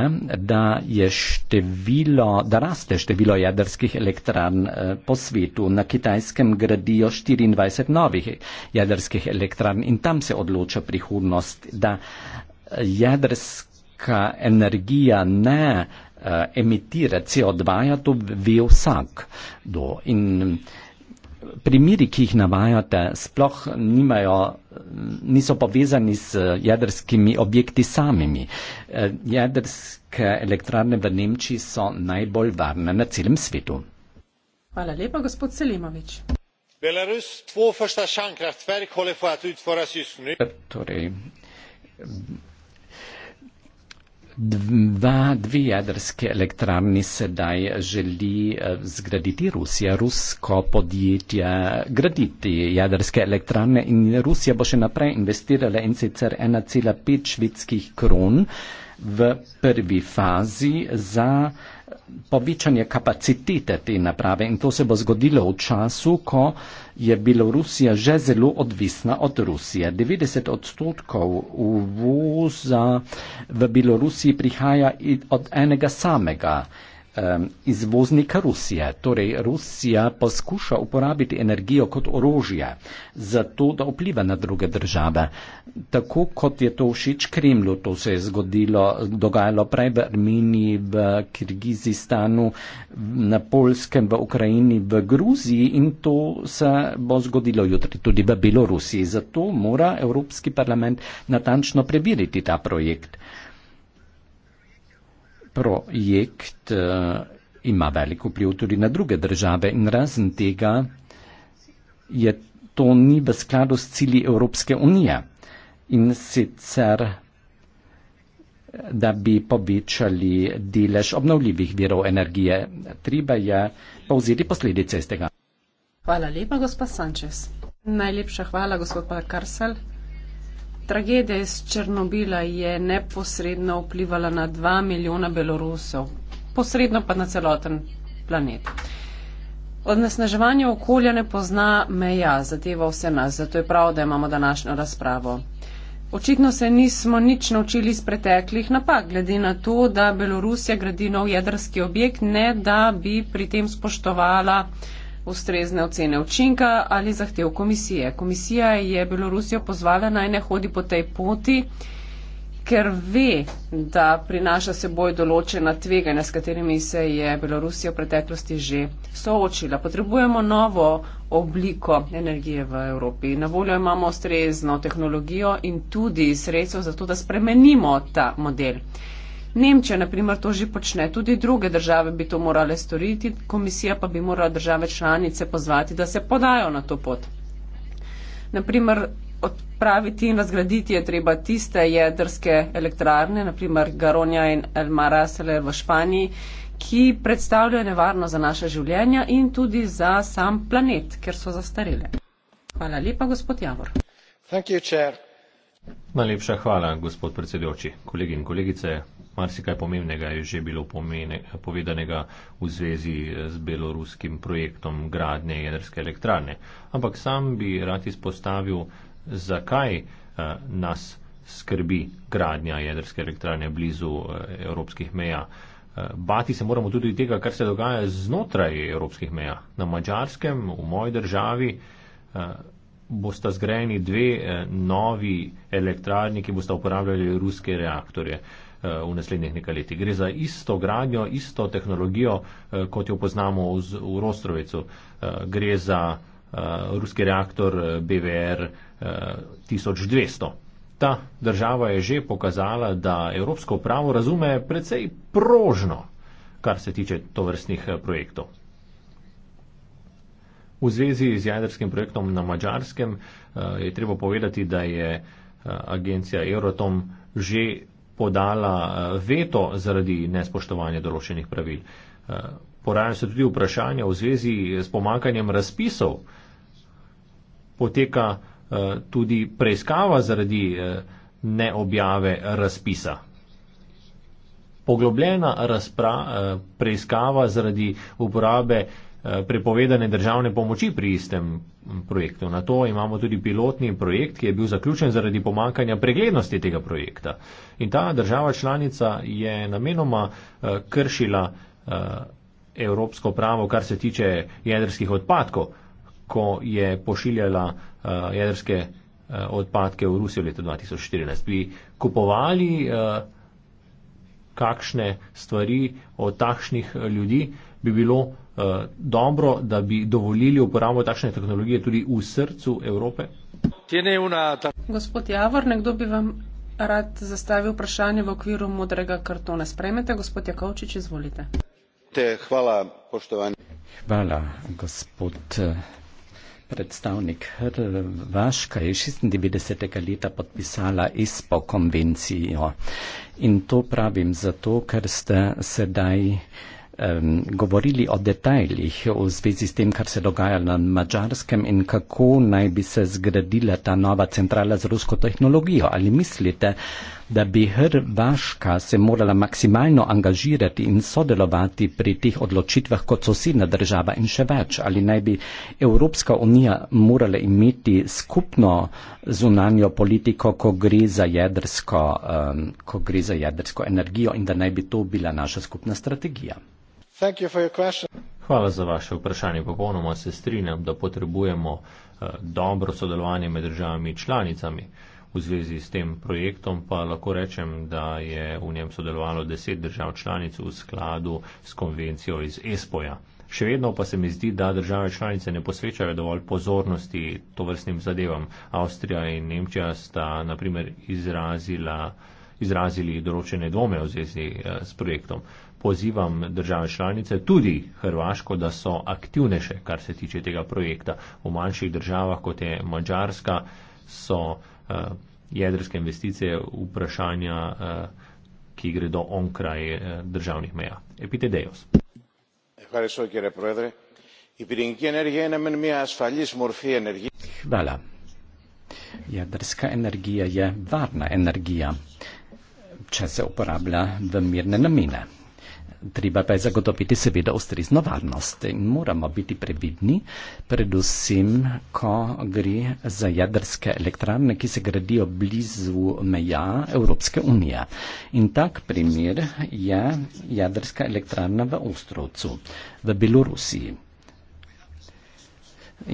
da, število, da raste število jedrskih elektrarn eh, po svetu. Na Kitajskem gradijo 24 novih jedrskih elektrarn in tam se odloča prihodnost, da eh, jedrska energija ne eh, emitira CO2, ja, to ve vsak. Do. In primiri, ki jih navajate, sploh nimajo, niso povezani z jedrskimi objekti samimi. E, jedrske elektrarne v Nemčiji so najbolj varne na celem svetu. Hvala lepa, gospod Selimovič. Belarus, dvo vrsta šankraftverk, hole fuat, utvora si snu. E, torej, Dva, dve jadrske elektrarni sedaj želi eh, zgraditi Rusija, rusko podjetje graditi jadrske elektrarne in Rusija bo še naprej investirala in sicer 1,5 švedskih kron v prvi fazi za povečanje kapacitete te naprave in to se bo zgodilo v času, ko je Belorusija že zelo odvisna od Rusije. 90 odstotkov uvoza v Belorusiji prihaja od enega samega. Um, izvoznika Rusije. Torej Rusija poskuša uporabiti energijo kot orožje za to, da vpliva na druge države. Tako kot je to všeč Kremlu, to se je zgodilo, dogajalo prej v Arminiji, v Kirgizistanu, na Polskem, v Ukrajini, v Gruziji in to se bo zgodilo jutri tudi v Belorusiji. Zato mora Evropski parlament natančno prebiriti ta projekt projekt eh, ima velik vpliv tudi na druge države in razen tega je to ni v skladu s cili Evropske unije. In sicer, da bi povečali delež obnovljivih virov energije, treba je povzeti posledice iz tega. Hvala lepa, gospod Sančes. Najlepša hvala, gospod Karsel. Tragedija iz Černobila je neposredno vplivala na dva milijona Belorusov, posredno pa na celoten planet. Odnesnaževanje okolja ne pozna meja, zadeva vse nas, zato je prav, da imamo današnjo razpravo. Očitno se nismo nič naučili iz preteklih napak, glede na to, da Belorusija gradi nov jedrski objekt, ne da bi pri tem spoštovala ustrezne ocene učinka ali zahtev komisije. Komisija je Belorusijo pozvala naj ne hodi po tej poti, ker ve, da prinaša seboj določena tveganja, s katerimi se je Belorusija v preteklosti že soočila. Potrebujemo novo obliko energije v Evropi. Na voljo imamo ustrezno tehnologijo in tudi sredstvo za to, da spremenimo ta model. Nemčija, naprimer, to že počne, tudi druge države bi to morale storiti, komisija pa bi morala države članice pozvati, da se podajo na to pot. Naprimer, odpraviti in razgraditi je treba tiste jedrske elektrarne, naprimer Garonja in El Marasele v Španiji, ki predstavljajo nevarno za naše življenja in tudi za sam planet, ker so zastarele. Hvala lepa, gospod Javor. Thank you, chair. Najlepša hvala, gospod predsedujoči. Kolegi in kolegice, marsikaj pomembnega je že bilo pomene, povedanega v zvezi z beloruskim projektom gradnje jedrske elektrane. Ampak sam bi rad izpostavil, zakaj eh, nas skrbi gradnja jedrske elektrane blizu eh, evropskih meja. Eh, bati se moramo tudi tega, kar se dogaja znotraj evropskih meja. Na mačarskem, v moji državi. Eh, bosta zgrajeni dve eh, novi elektrarni, ki bosta uporabljali ruske reaktorje eh, v naslednjih nekaj letih. Gre za isto gradnjo, isto tehnologijo, eh, kot jo poznamo v Rostrovecu. Gre za ruski reaktor BVR 1200. Ta država je že pokazala, da evropsko pravo razume precej prožno, kar se tiče tovrstnih projektov. V zvezi z jedrskim projektom na Mačarskem eh, je treba povedati, da je eh, agencija Euratom že podala eh, veto zaradi nespoštovanja določenih pravil. Porajajo se tudi vprašanja v zvezi s pomankanjem razpisov. Poteka tudi preiskava zaradi neobjave razpisa. Poglobljena razpra, preiskava zaradi uporabe Eh, prepovedane državne pomoči pri istem projektu. Na to imamo tudi pilotni projekt, ki je bil zaključen zaradi pomankanja preglednosti tega projekta. In ta država članica je namenoma eh, kršila eh, evropsko pravo, kar se tiče jedrskih odpadkov, ko je pošiljala jedrske odpadke v Rusijo leta 2014. Bi kupovali kakšne stvari od takšnih ljudi, bi bilo Eh, dobro, da bi dovolili uporabo takšne tehnologije tudi v srcu Evrope? Gospod Javor, nekdo bi vam rad zastavil vprašanje v okviru modrega kartona. Sprejmete, gospod Jakovčič, izvolite. Hvala, poštovani. Hvala, gospod eh, predstavnik. Hrvaška je 96. leta podpisala ISPO konvencijo. In to pravim zato, ker ste sedaj um, govorili o detajlih v zvezi s tem, kar se dogaja na Mačarskem in kako naj bi se zgradila ta nova centrala z rusko tehnologijo. Ali mislite, da bi Hrvaška se morala maksimalno angažirati in sodelovati pri teh odločitvah kot sosedna država in še več? Ali naj bi Evropska unija morala imeti skupno zunanjo politiko, ko gre za jedrsko, um, ko gre za jedrsko energijo in da naj bi to bila naša skupna strategija? Hvala za vaše vprašanje. Popolnoma se strinjam, da potrebujemo eh, dobro sodelovanje med državami članicami. V zvezi s tem projektom pa lahko rečem, da je v njem sodelovalo deset držav članic v skladu s konvencijo iz ESPO-ja. Še vedno pa se mi zdi, da države članice ne posvečajo dovolj pozornosti to vrstnim zadevam. Avstrija in Nemčija sta naprimer izrazila, izrazili določene dvome v zvezi eh, s projektom pozivam države članice, tudi Hrvaško, da so aktivnejše, kar se tiče tega projekta. V manjših državah, kot je Mačarska, so eh, jedrske investicije vprašanja, eh, ki gredo onkraj eh, državnih meja. Epite Dejos. Hvala. Jedrska energija je varna energija, če se uporablja v mirne namene. Treba pa je zagotoviti seveda ustrezno varnost in moramo biti previdni, predvsem, ko gre za jedrske elektrarne, ki se gradijo blizu meja Evropske unije. In tak primer je jedrska elektrarna v Ostrovcu, v Belorusiji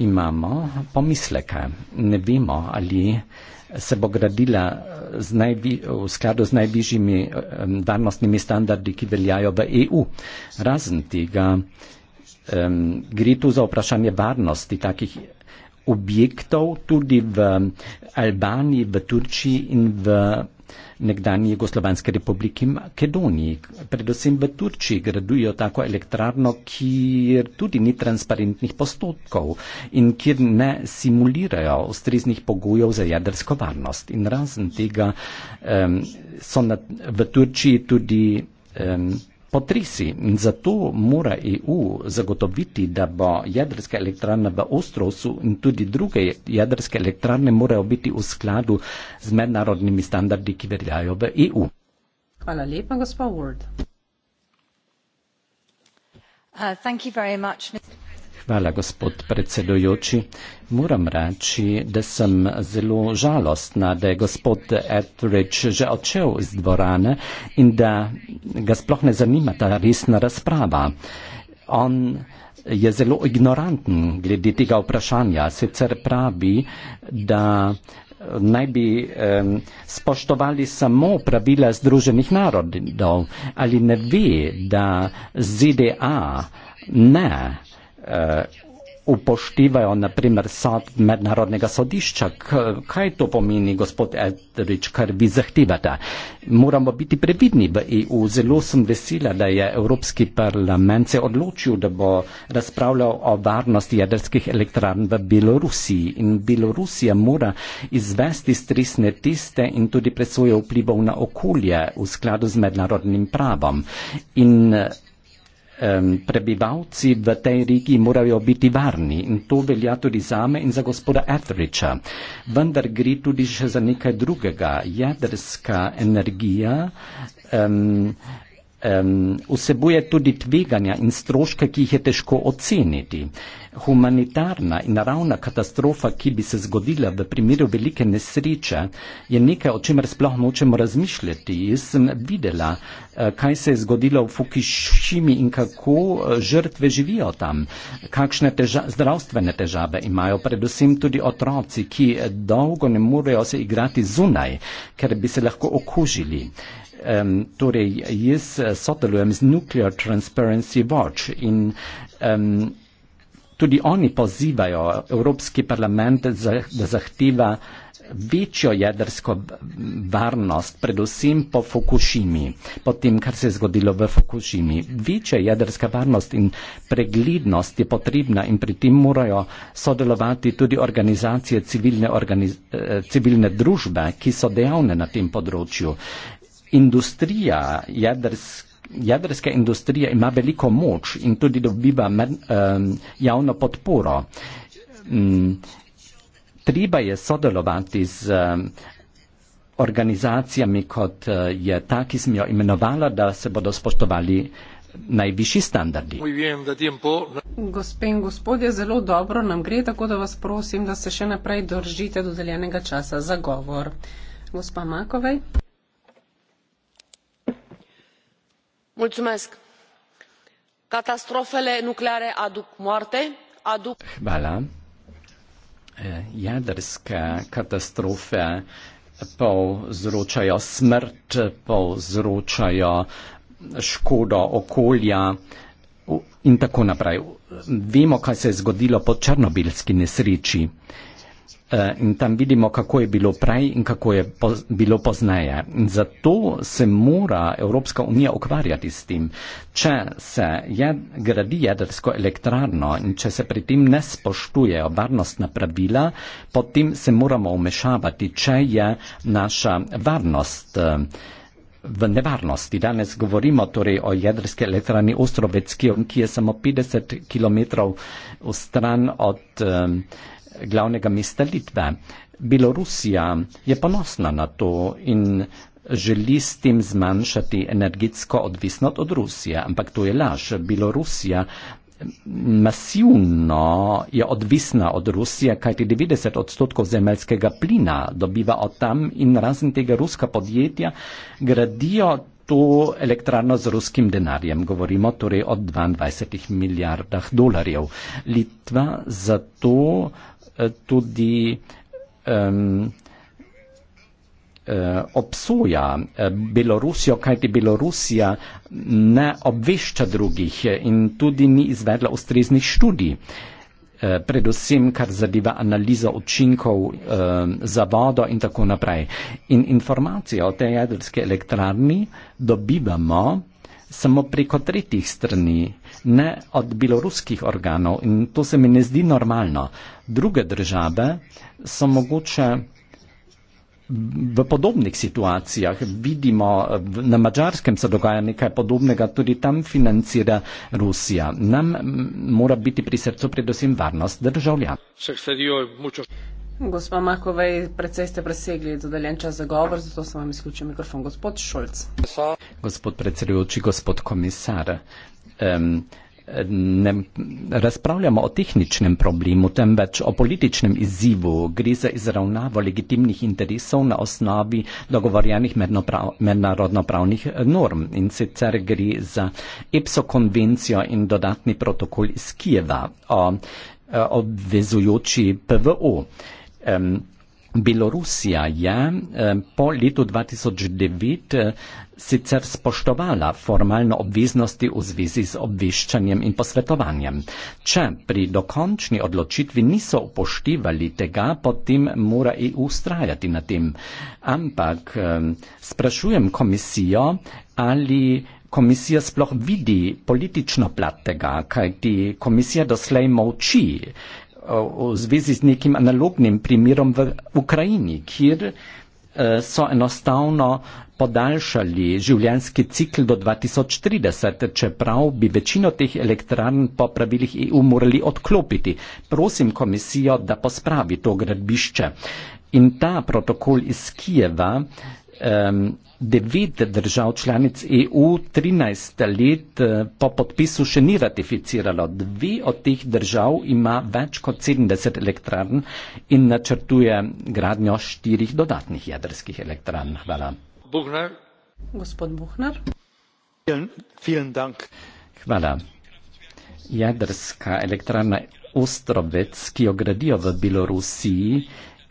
imamo pomisleke. Ne vemo, ali se bo gradila najvi, v skladu z najbližjimi varnostnimi standardi, ki veljajo v EU. Razen tega, um, gre tu za vprašanje varnosti takih objektov tudi v Albaniji, v Turčiji in v nekdanji Jugoslovanske republiki Makedoniji. Predvsem v Turčiji gradujo tako elektrarno, kjer tudi ni transparentnih postopkov in kjer ne simulirajo ustreznih pogojev za jedrsko varnost. In razen tega um, so na, v Turčiji tudi um, Potresi in zato mora EU zagotoviti, da bo jedrska elektrarna v Ostrovsu in tudi druge jedrske elektrarne morajo biti v skladu z mednarodnimi standardi, ki veljajo v EU. Hvala lepa, gospod Ward. Uh, Hvala, gospod predsedojoči. Moram reči, da sem zelo žalostna, da je gospod Etrich že odšel iz dvorane in da ga sploh ne zanima ta resna razprava. On je zelo ignoranten glede tega vprašanja. Sicer pravi, da eh, naj bi eh, spoštovali samo pravila Združenih narodov ali ne ve, da ZDA ne uh, upoštevajo naprimer sad mednarodnega sodišča. Kaj to pomeni, gospod Edrič, kar vi zahtevate? Moramo biti previdni v EU. Zelo sem vesela, da je Evropski parlament se odločil, da bo razpravljal o varnosti jedrskih elektrarn v Belorusiji. In Belorusija mora izvesti stresne teste in tudi presoje vplivov na okolje v skladu z mednarodnim pravom. In, uh, um, prebivalci v tej regiji morajo biti varni in to velja tudi zame in za gospoda Etheridgea. Vendar gre tudi še za nekaj drugega. Jedrska energija. Um, um, vsebuje tudi tveganja in stroške, ki jih je težko oceniti. Humanitarna in naravna katastrofa, ki bi se zgodila v primeru velike nesreče, je nekaj, o čemer sploh nočemo razmišljati. Jaz sem videla, eh, kaj se je zgodilo v Fukushimi in kako eh, žrtve živijo tam, kakšne teža zdravstvene težave imajo, predvsem tudi otroci, ki eh, dolgo ne morejo se igrati zunaj, ker bi se lahko okužili um, torej jaz eh, sodelujem z Nuclear Transparency Watch in um, tudi oni pozivajo Evropski parlament, da zahteva večjo jedrsko varnost, predvsem po Fukushimi, po tem, kar se je zgodilo v Fukushimi. Večja jedrska varnost in preglednost je potrebna in pri tem morajo sodelovati tudi organizacije civilne, organiz, eh, civilne družbe, ki so dejavne na tem področju industrija, jedrska. Jedrska industrija ima veliko moč in tudi dobiva med, um, javno podporo. Um, treba je sodelovati z um, organizacijami, kot uh, je ta, ki sem jo imenovala, da se bodo spoštovali najvišji standardi. Gospe in gospodje, zelo dobro nam gre, tako da vas prosim, da se še naprej držite dodeljenega časa za govor. Gospa Makovej. domnule președinte catastrofele nucleare aduc moarte aduc. bala jedrske katastrofe povzročajo smrt povzročajo škodo okolja in tako naprej. vemo kaj se je zgodilo po črnobilski nesreči. Eh, in tam vidimo, kako je bilo prej in kako je poz, bilo pozneje. In zato se mora Evropska unija ukvarjati s tem. Če se jed, gradi jedrsko elektrarno in če se pri tem ne spoštujejo varnostna pravila, potem se moramo umešavati, če je naša varnost eh, v nevarnosti. Danes govorimo torej o jedrske elektrarni Ostrovecki, ki je samo 50 km stran od. Um, glavnega mesta Litve. Belorusija je ponosna na to in želi s tem zmanjšati energetsko odvisnost od Rusije, ampak to je laž. Belorusija masivno je odvisna od Rusije, kajti 90 odstotkov zemeljskega plina dobiva od tam in razen tega ruska podjetja gradijo to elektrarno z ruskim denarjem. Govorimo torej o 22 milijardah dolarjev. Litva zato Eh, tudi um, obsoja eh, Belorusijo, kajti Belorusija ne obvešča drugih in tudi ni izvedla ustreznih študij, predvsem kar zadeva analizo učinkov za vodo in tako naprej. In informacijo o tej jedrski elektrarni dobivamo samo preko tretjih strani ne od beloruskih organov in to se mi ne zdi normalno. Druge države so mogoče v podobnih situacijah. Vidimo, na Mačarskem se dogaja nekaj podobnega, tudi tam financira Rusija. Nam mora biti pri srcu predvsem varnost državljanov. Gospa Makovej, predsej ste presegli dodeljen čas za govor, zato sem vam izključil mikrofon. Gospod Šulc. Gospod predsedujoči, gospod komisar, um, ne razpravljamo o tehničnem problemu, temveč o političnem izzivu. Gre za izravnavo legitimnih interesov na osnovi dogovorjenih mednarodnopravnih eh, norm. In sicer gre za EPSO konvencijo in dodatni protokol iz Kijeva o, eh, o obvezujoči PVO. Um, Belorusija je eh, po letu 2009 eh, sicer spoštovala formalno obveznosti v zvezi z obveščanjem in posvetovanjem. Če pri dokončni odločitvi niso upoštevali tega, potem mora EU ustrajati na tem. Ampak eh, sprašujem komisijo, ali. Komisija sploh vidi politično plat tega, kajti komisija doslej moči v zvezi z nekim analognim primerom v Ukrajini, kjer eh, so enostavno podaljšali življenski cikl do 2030, čeprav bi večino teh elektrarn po pravilih EU morali odklopiti. Prosim komisijo, da pospravi to gradbišče. In ta protokol iz Kijeva um, devet držav članic EU 13 let eh, po podpisu še ni ratificiralo. Dve od teh držav ima več kot 70 elektrarn in načrtuje gradnjo štirih dodatnih jedrskih elektrarn. Hvala. Buhner. Gospod Buhner. Vielen dank. Hvala. Jedrska elektrarna Ostrovec, ki jo gradijo v Belorusiji,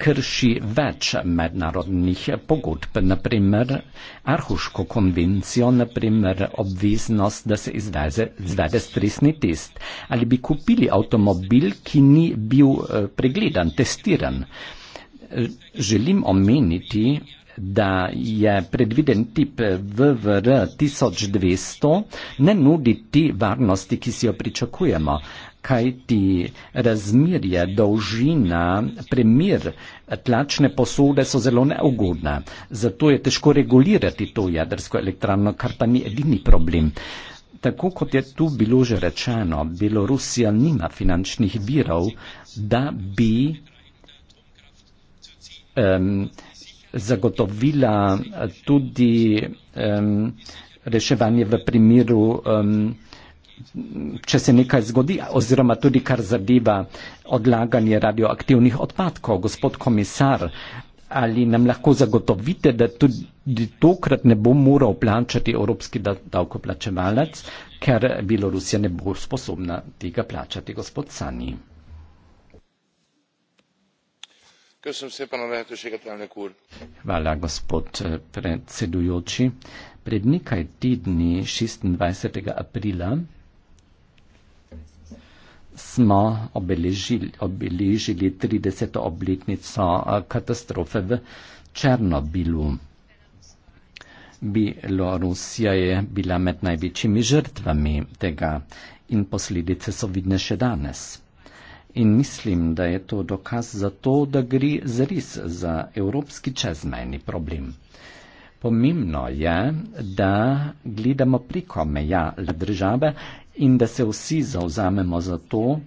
krši več mednarodnih pogodb, naprimer Arhuško konvencijo, naprimer obveznost, da se izveze, izvede stresni test. Ali bi kupili avtomobil, ki ni bil eh, pregledan, testiran? Eh, želim omeniti, da je predviden tip eh, VVR 1200, ne nuditi varnosti, ki si jo pričakujemo, kaj ti razmerje, dolžina, premir tlačne posode so zelo neugodne. Zato je težko regulirati to jedrsko elektrarno, kar pa ni edini problem. Tako kot je tu bilo že rečeno, Belorusija nima finančnih virov, da bi um, zagotovila tudi um, reševanje v primeru um, če se nekaj zgodi, oziroma tudi kar zadeva odlaganje radioaktivnih odpadkov. Gospod komisar, ali nam lahko zagotovite, da tudi tokrat ne bo moral plačati evropski davkoplačevalec, ker Belorusija ne bo sposobna tega plačati, gospod Sani? Hvala, gospod eh, predsedujoči. Pred nekaj tedni, 26. aprila, smo obeležili, obeležili 30. obletnico eh, katastrofe v Černobilu. Bielorusija je bila med največjimi žrtvami tega in posledice so vidne še danes. In mislim, da je to dokaz za to, da gre zres za evropski čezmejni problem. Pomembno je, da gledamo preko meja države in da se vsi zauzamemo za to,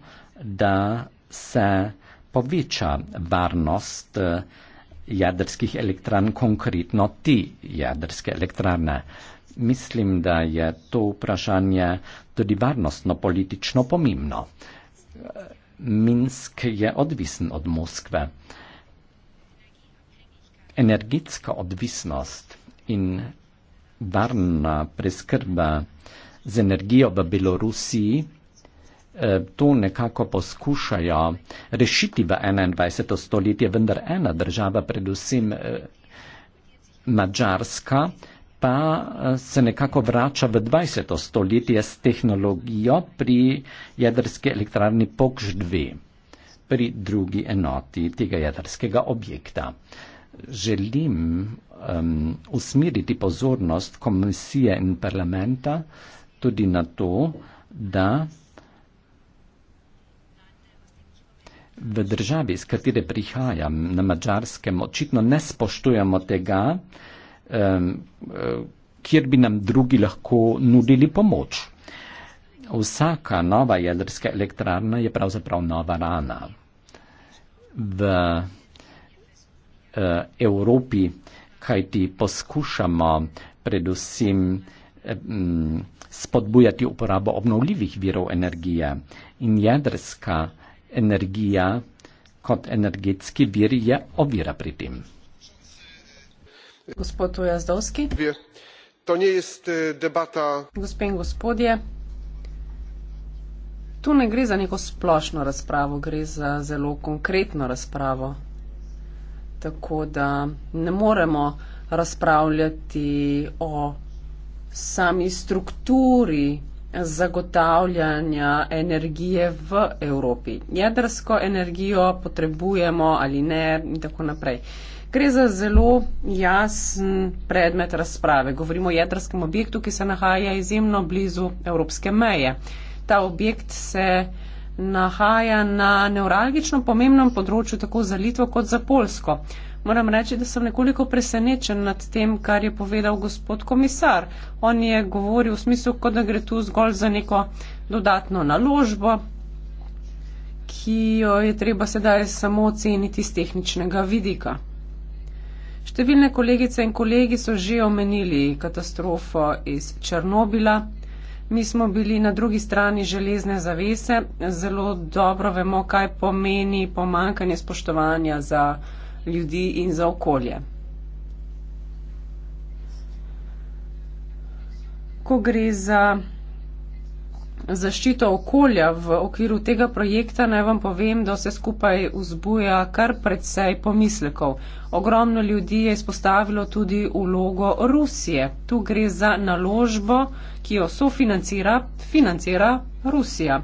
da se poveča varnost eh, jadrskih elektrarn, konkretno ti jadrske elektrarne. Mislim, da je to vprašanje tudi varnostno politično pomembno. Minsk je odvisen od Moskve. Energetska odvisnost in varna preskrba z energijo v Belorusiji eh, to nekako poskušajo rešiti v 21. stoletje, vendar ena država, predvsem eh, Mačarska, pa eh, se nekako vrača v 20. stoletje s tehnologijo pri jedrski elektrarni POKŽ-2, pri drugi enoti tega jedrskega objekta. Želim um, usmeriti pozornost komisije in parlamenta, tudi na to, da v državi, iz katere prihajam, na mačarskem, očitno ne spoštujemo tega, eh, kjer bi nam drugi lahko nudili pomoč. Vsaka nova jedrska elektrarna je pravzaprav nova rana. V eh, Evropi, kaj ti poskušamo predvsem spodbujati uporabo obnovljivih virov energije. In jedrska energija kot energetski vir je ovira pri tem. Gospod Ujazdovski. To ni e, debata. Gospe in gospodje. Tu ne gre za neko splošno razpravo, gre za zelo konkretno razpravo. Tako da ne moremo razpravljati o sami strukturi zagotavljanja energije v Evropi. Jedrsko energijo potrebujemo ali ne in tako naprej. Gre za zelo jasen predmet razprave. Govorimo o jedrskem objektu, ki se nahaja izjemno blizu evropske meje. Ta objekt se nahaja na neuralgično pomembnem področju tako za Litvo kot za Polsko moram reči, da sem nekoliko presenečen nad tem, kar je povedal gospod komisar. On je govoril v smislu, kot da gre tu zgolj za neko dodatno naložbo, ki jo je treba sedaj samo oceniti z tehničnega vidika. Številne kolegice in kolegi so že omenili katastrofo iz Černobila. Mi smo bili na drugi strani železne zavese, zelo dobro vemo, kaj pomeni pomankanje spoštovanja za ljudi in za okolje. Ko gre za zaščito okolja v okviru tega projekta, naj vam povem, da vse skupaj vzbuja kar predvsej pomislekov. Ogromno ljudi je izpostavilo tudi vlogo Rusije. Tu gre za naložbo, ki jo sofinancira financira Rusija.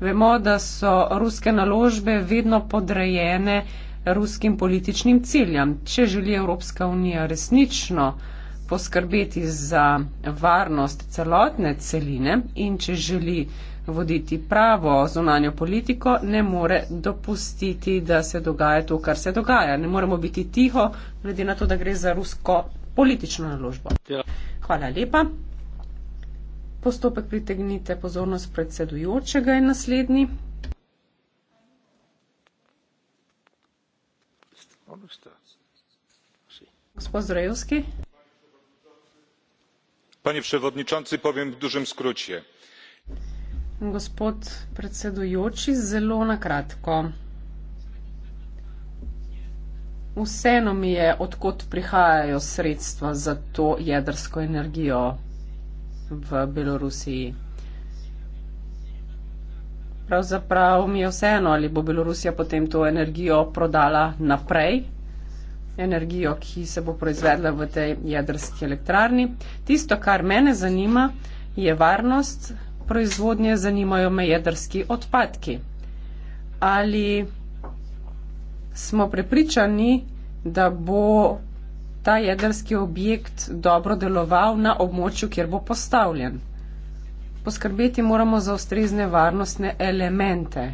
Vemo, da so ruske naložbe vedno podrejene uh, ruskim političnim ciljem. Če želi Evropska unija resnično poskrbeti za varnost celotne celine in če želi voditi pravo zunanjo politiko, ne more dopustiti, da se dogaja to, kar se dogaja. Ne moremo biti tiho, glede na to, da gre za rusko politično naložbo. Hvala lepa. Postopek pritegnite pozornost predsedujočega in naslednji. panie przewodniczący powiem w dużym skrócie. vseeno mi je od kod prihajajo sredstva za to jedrsko energijo v belorusiji pravzaprav mi je vseeno, ali bo Belorusija potem to energijo prodala naprej, energijo, ki se bo proizvedla v tej jedrski elektrarni. Tisto, kar mene zanima, je varnost proizvodnje, zanimajo me jedrski odpadki. Ali smo prepričani, da bo ta jedrski objekt dobro deloval na območju, kjer bo postavljen? poskrbeti moramo za ustrezne varnostne elemente.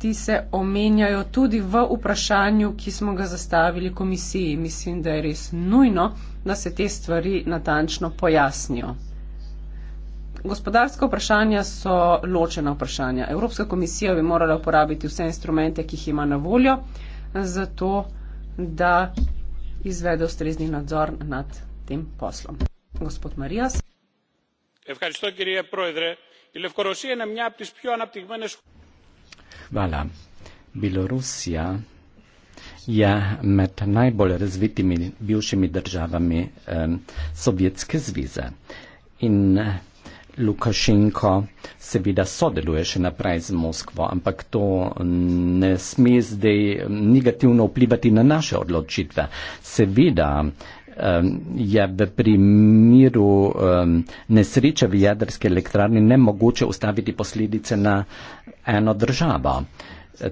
Ti se omenjajo tudi v vprašanju, ki smo ga zastavili komisiji. Mislim, da je res nujno, da se te stvari natančno pojasnijo. Gospodarska vprašanja so ločena vprašanja. Evropska komisija bi morala uporabiti vse instrumente, ki jih ima na voljo, zato da izvede ustrezni nadzor nad tem poslom. Gospod Marijas kriterije pozitivne migracije in mislim da je to ena izmed možnosti kako evropo spraviti bielorusija je med najbolj razvitimi bivšimi državami eh, sovjetske zveze in Lukašenko seveda sodeluje še naprej z Moskvo, ampak to ne sme zdaj negativno vplivati na naše odločitve. Seveda je v primeru um, nesreče v jedrski elektrarni nemogoče ustaviti posledice na eno državo.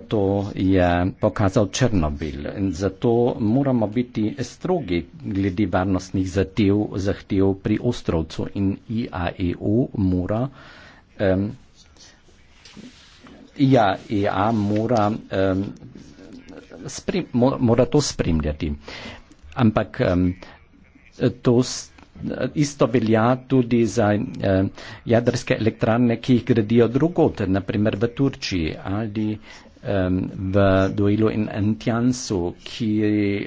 To je pokazal Črnobil. In zato moramo biti strogi glede varnostnih zatev, zahtev pri ostrovcu in IAEU mora. Um, Ja, IA e mora, um, sprem, mora to spremljati. Uh, ampak to isto velja tudi za jadrske elektrarne, ki jih gradijo drugot, naprimer v Turčiji ali v Doilu in Antjansu, ki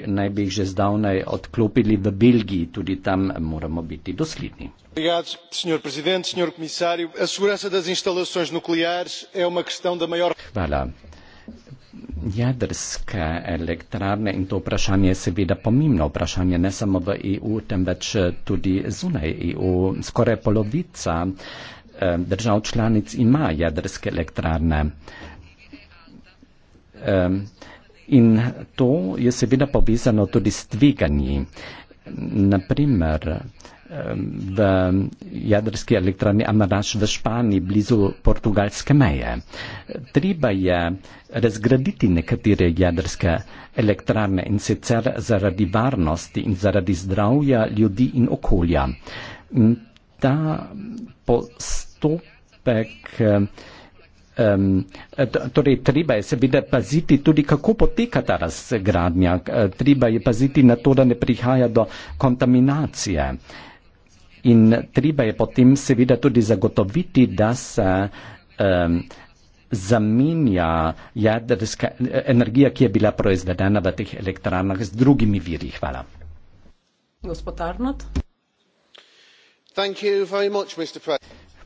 naj bi jih že zdavnaj odklopili v Belgiji, tudi tam moramo biti dosledni. Obrigado, senhor presidente, senhor comissário. A segurança das instalações nucleares é uma questão da maior. Vale jedrske elektrarne in to vprašanje je seveda pomembno vprašanje ne samo v EU, temveč eh, tudi zunaj EU. Skoraj polovica eh, držav članic ima jedrske elektrarne. In to je seveda povezano tudi s tveganji. Naprimer, v jadrski elektrarni Amaraš v Španiji, blizu portugalske meje. Treba je razgraditi nekatere jadrske elektrarne in sicer zaradi varnosti in zaradi zdravja ljudi in okolja. Ta postopek, um, torej treba je seveda paziti tudi, kako poteka ta razgradnja, treba je paziti na to, da ne prihaja do kontaminacije. In treba je potem seveda tudi zagotoviti, da se um, zamenja jedrska energija, ki je bila proizvedena v teh elektrarnah z drugimi viri. Hvala. Gospod Arnot.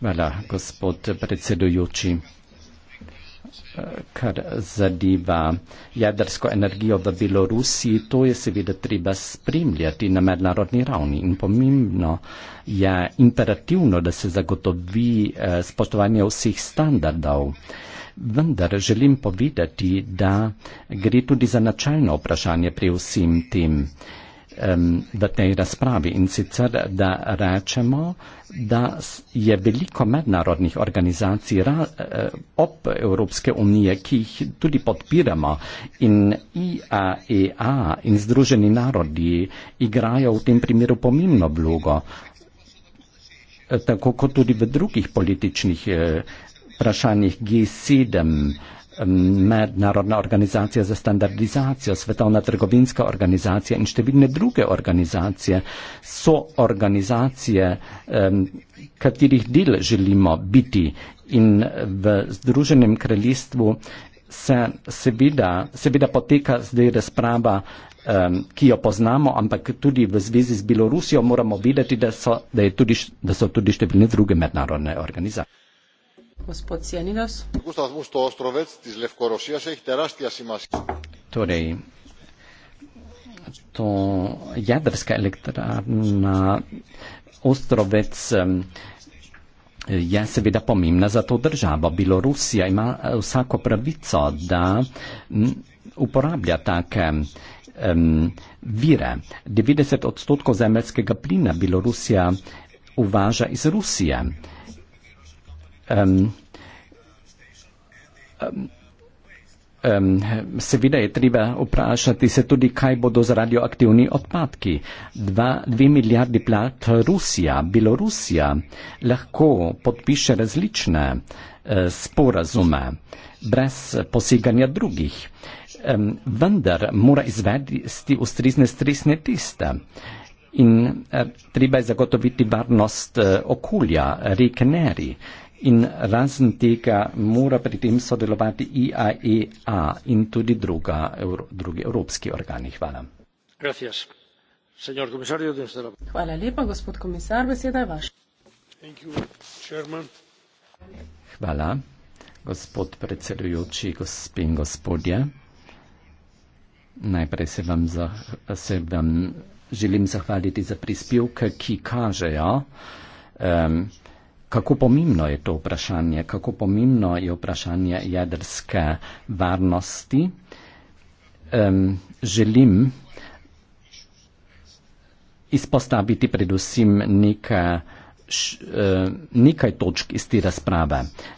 Hvala, gospod predsedujoči kar zadeva jedrsko energijo v Belorusiji, to je seveda treba spremljati na mednarodni ravni in pomembno je imperativno, da se zagotovi eh, spoštovanje vseh standardov. Vendar želim povedati, da gre tudi za načalno vprašanje pri vsem tem v tej razpravi in sicer, da rečemo, da je veliko mednarodnih organizacij eh, ob Evropske unije, ki jih tudi podpiramo in IAEA e in Združeni narodi igrajo v tem primeru pomembno vlogo, eh, tako kot tudi v drugih političnih eh, vprašanjih G7 mednarodna organizacija za standardizacijo, svetovna trgovinska organizacija in številne druge organizacije so organizacije, katerih del želimo biti in v Združenem kraljestvu se seveda, seveda poteka zdaj razprava ki jo poznamo, ampak tudi v zvezi z Belorusijo moramo videti, da so, da, je tudi, da so tudi številne druge mednarodne organizacije. Torej, to jedrska elektrarna Ostrovec je seveda pomembna za to državo. Belorusija ima eh, vsako pravico, da uporablja take um, vire. 90 odstotkov zemljskega plina Belorusija uvaža iz Rusije um, um, um, seveda je treba vprašati se tudi, kaj bodo z radioaktivni odpadki. Dva, dve milijardi plat Rusija, Belorusija lahko podpiše različne uh, sporazume brez poseganja drugih. Um, vendar mora izvedi ustrezne stresne teste in uh, treba je zagotoviti varnost uh, okolja, reke Neri. Uh, In razen tega mora pri tem sodelovati IAEA e in tudi druga, evro, drugi evropski organi. Hvala. Hvala lepa, gospod komisar, beseda je vaša. Hvala, gospod predsedujoči, gospe in gospodje. Najprej se vam, za, se vam želim zahvaliti za prispevke, ki kažejo, um, Kako pomembno je to vprašanje, kako pomembno je vprašanje jedrske varnosti? Um, želim izpostaviti predvsem nekaj Eh, nekaj točk iz te razprave.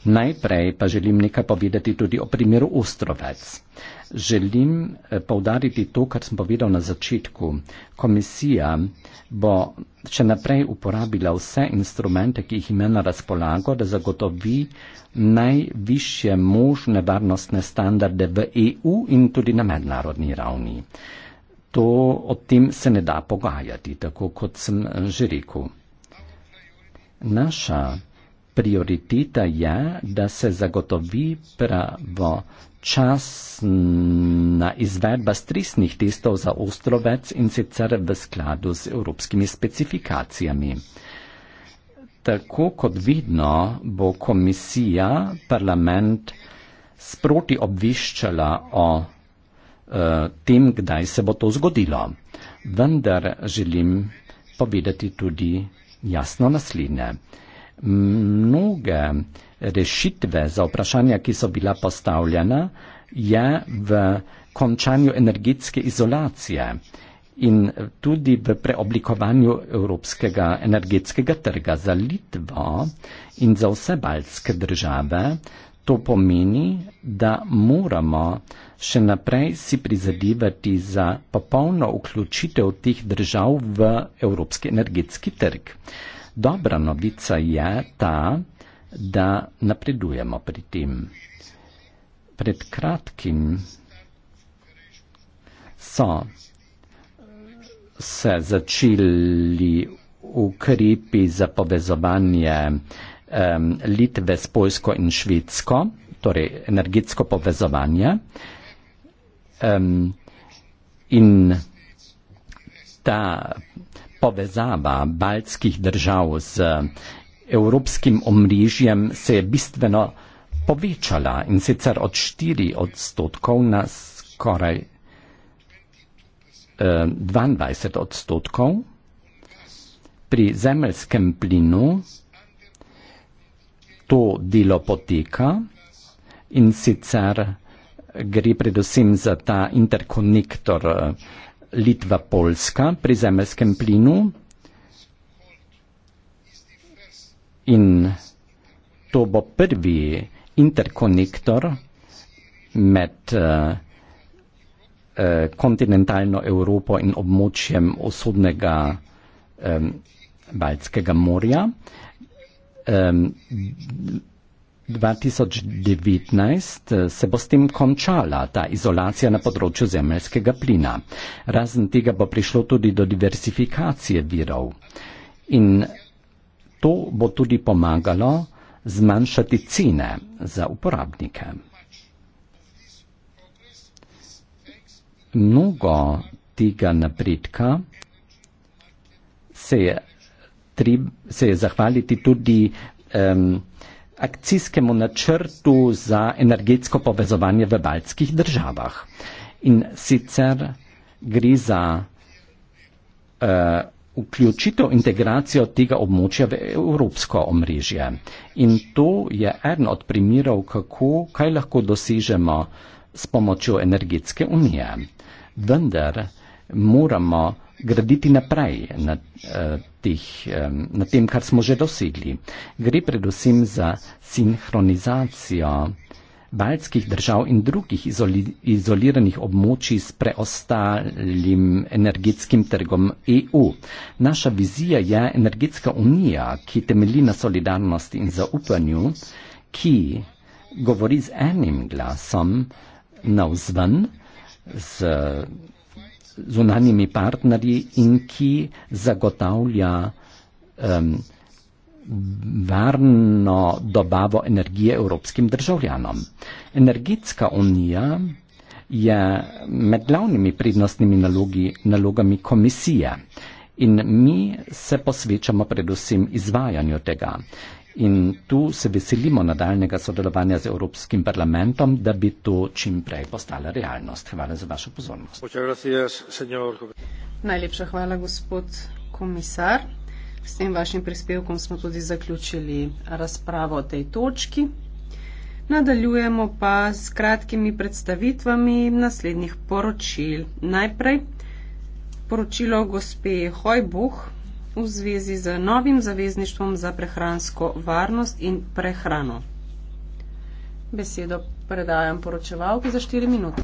Najprej pa želim nekaj povedati tudi o primeru Ostrovec. Želim eh, povdariti to, kar sem povedal na začetku. Komisija bo še naprej uporabila vse instrumente, ki jih ima na razpolago, da zagotovi najvišje možne varnostne standarde v EU in tudi na mednarodni ravni. To o tem se ne da pogajati, tako kot sem eh, že rekel. Naša prioriteta je, da se zagotovi pravočasna izvedba stresnih testov za ostrovec in sicer v skladu z evropskimi specifikacijami. Tako kot vidno bo komisija parlament sproti obviščala o eh, tem, kdaj se bo to zgodilo. Vendar želim povedati tudi jasno naslednje. Mnoge rešitve za vprašanja, ki so bila postavljena, je v končanju energetske izolacije in tudi v preoblikovanju evropskega energetskega trga za Litvo in za vse baltske države To pomeni, da moramo še naprej si prizadevati za popolno vključitev teh držav v evropski energetski trg. Dobra novica je ta, da napredujemo pri tem. Pred kratkim so se začeli ukrepi za povezovanje um, Litve s Poljsko in Švedsko, torej energetsko povezovanje. Um, in ta povezava baltskih držav z evropskim omrežjem se je bistveno povečala in sicer od 4 odstotkov na skoraj eh, 22 odstotkov. Pri zemljskem plinu to delo poteka in sicer gre predvsem za ta interkonektor eh, Litva-Polska pri zemljskem plinu in to bo prvi interkonektor med eh, eh, kontinentalno Evropo in območjem vzhodnega Baltskega morja um, 2019 eh, se bo s tem končala ta izolacija na področju zemeljskega plina. Razen tega bo prišlo tudi do diversifikacije virov. In to bo tudi pomagalo zmanjšati cene za uporabnike. Mnogo tega napredka se je treb, se je zahvaliti tudi um, akcijskemu načrtu za energetsko povezovanje v baltskih državah. In sicer gre za uh, vključitev, integracijo tega območja v evropsko omrežje. In to je eden od primerov, kako, kaj lahko dosežemo s pomočjo energetske unije. Vendar moramo graditi naprej na, uh, eh, tih, um, eh, na tem, kar smo že dosegli. Gre predvsem za sinhronizacijo baltskih držav in drugih izoli, izoliranih območij s preostalim energetskim trgom EU. Naša vizija je energetska unija, ki temelji na solidarnosti in zaupanju, ki govori z enim glasom navzven, z zunanjimi partnerji in ki zagotavlja um, varno dobavo energije evropskim državljanom. Energetska unija je med glavnimi prednostnimi nalogi, nalogami komisije in mi se posvečamo predvsem izvajanju tega. Uh, in tu se veselimo nadaljnega sodelovanja z Evropskim parlamentom, da bi to čim prej postala realnost. Hvala za vašo pozornost. Najlepša hvala, gospod komisar. S tem vašim prispevkom smo tudi zaključili razpravo o tej točki. Nadaljujemo pa s kratkimi predstavitvami naslednjih poročil. Najprej poročilo gospe Hojbuh v zvezi z novim zavezništvom za prehransko varnost in prehrano. Besedo predajam poročevalki za 4 minute.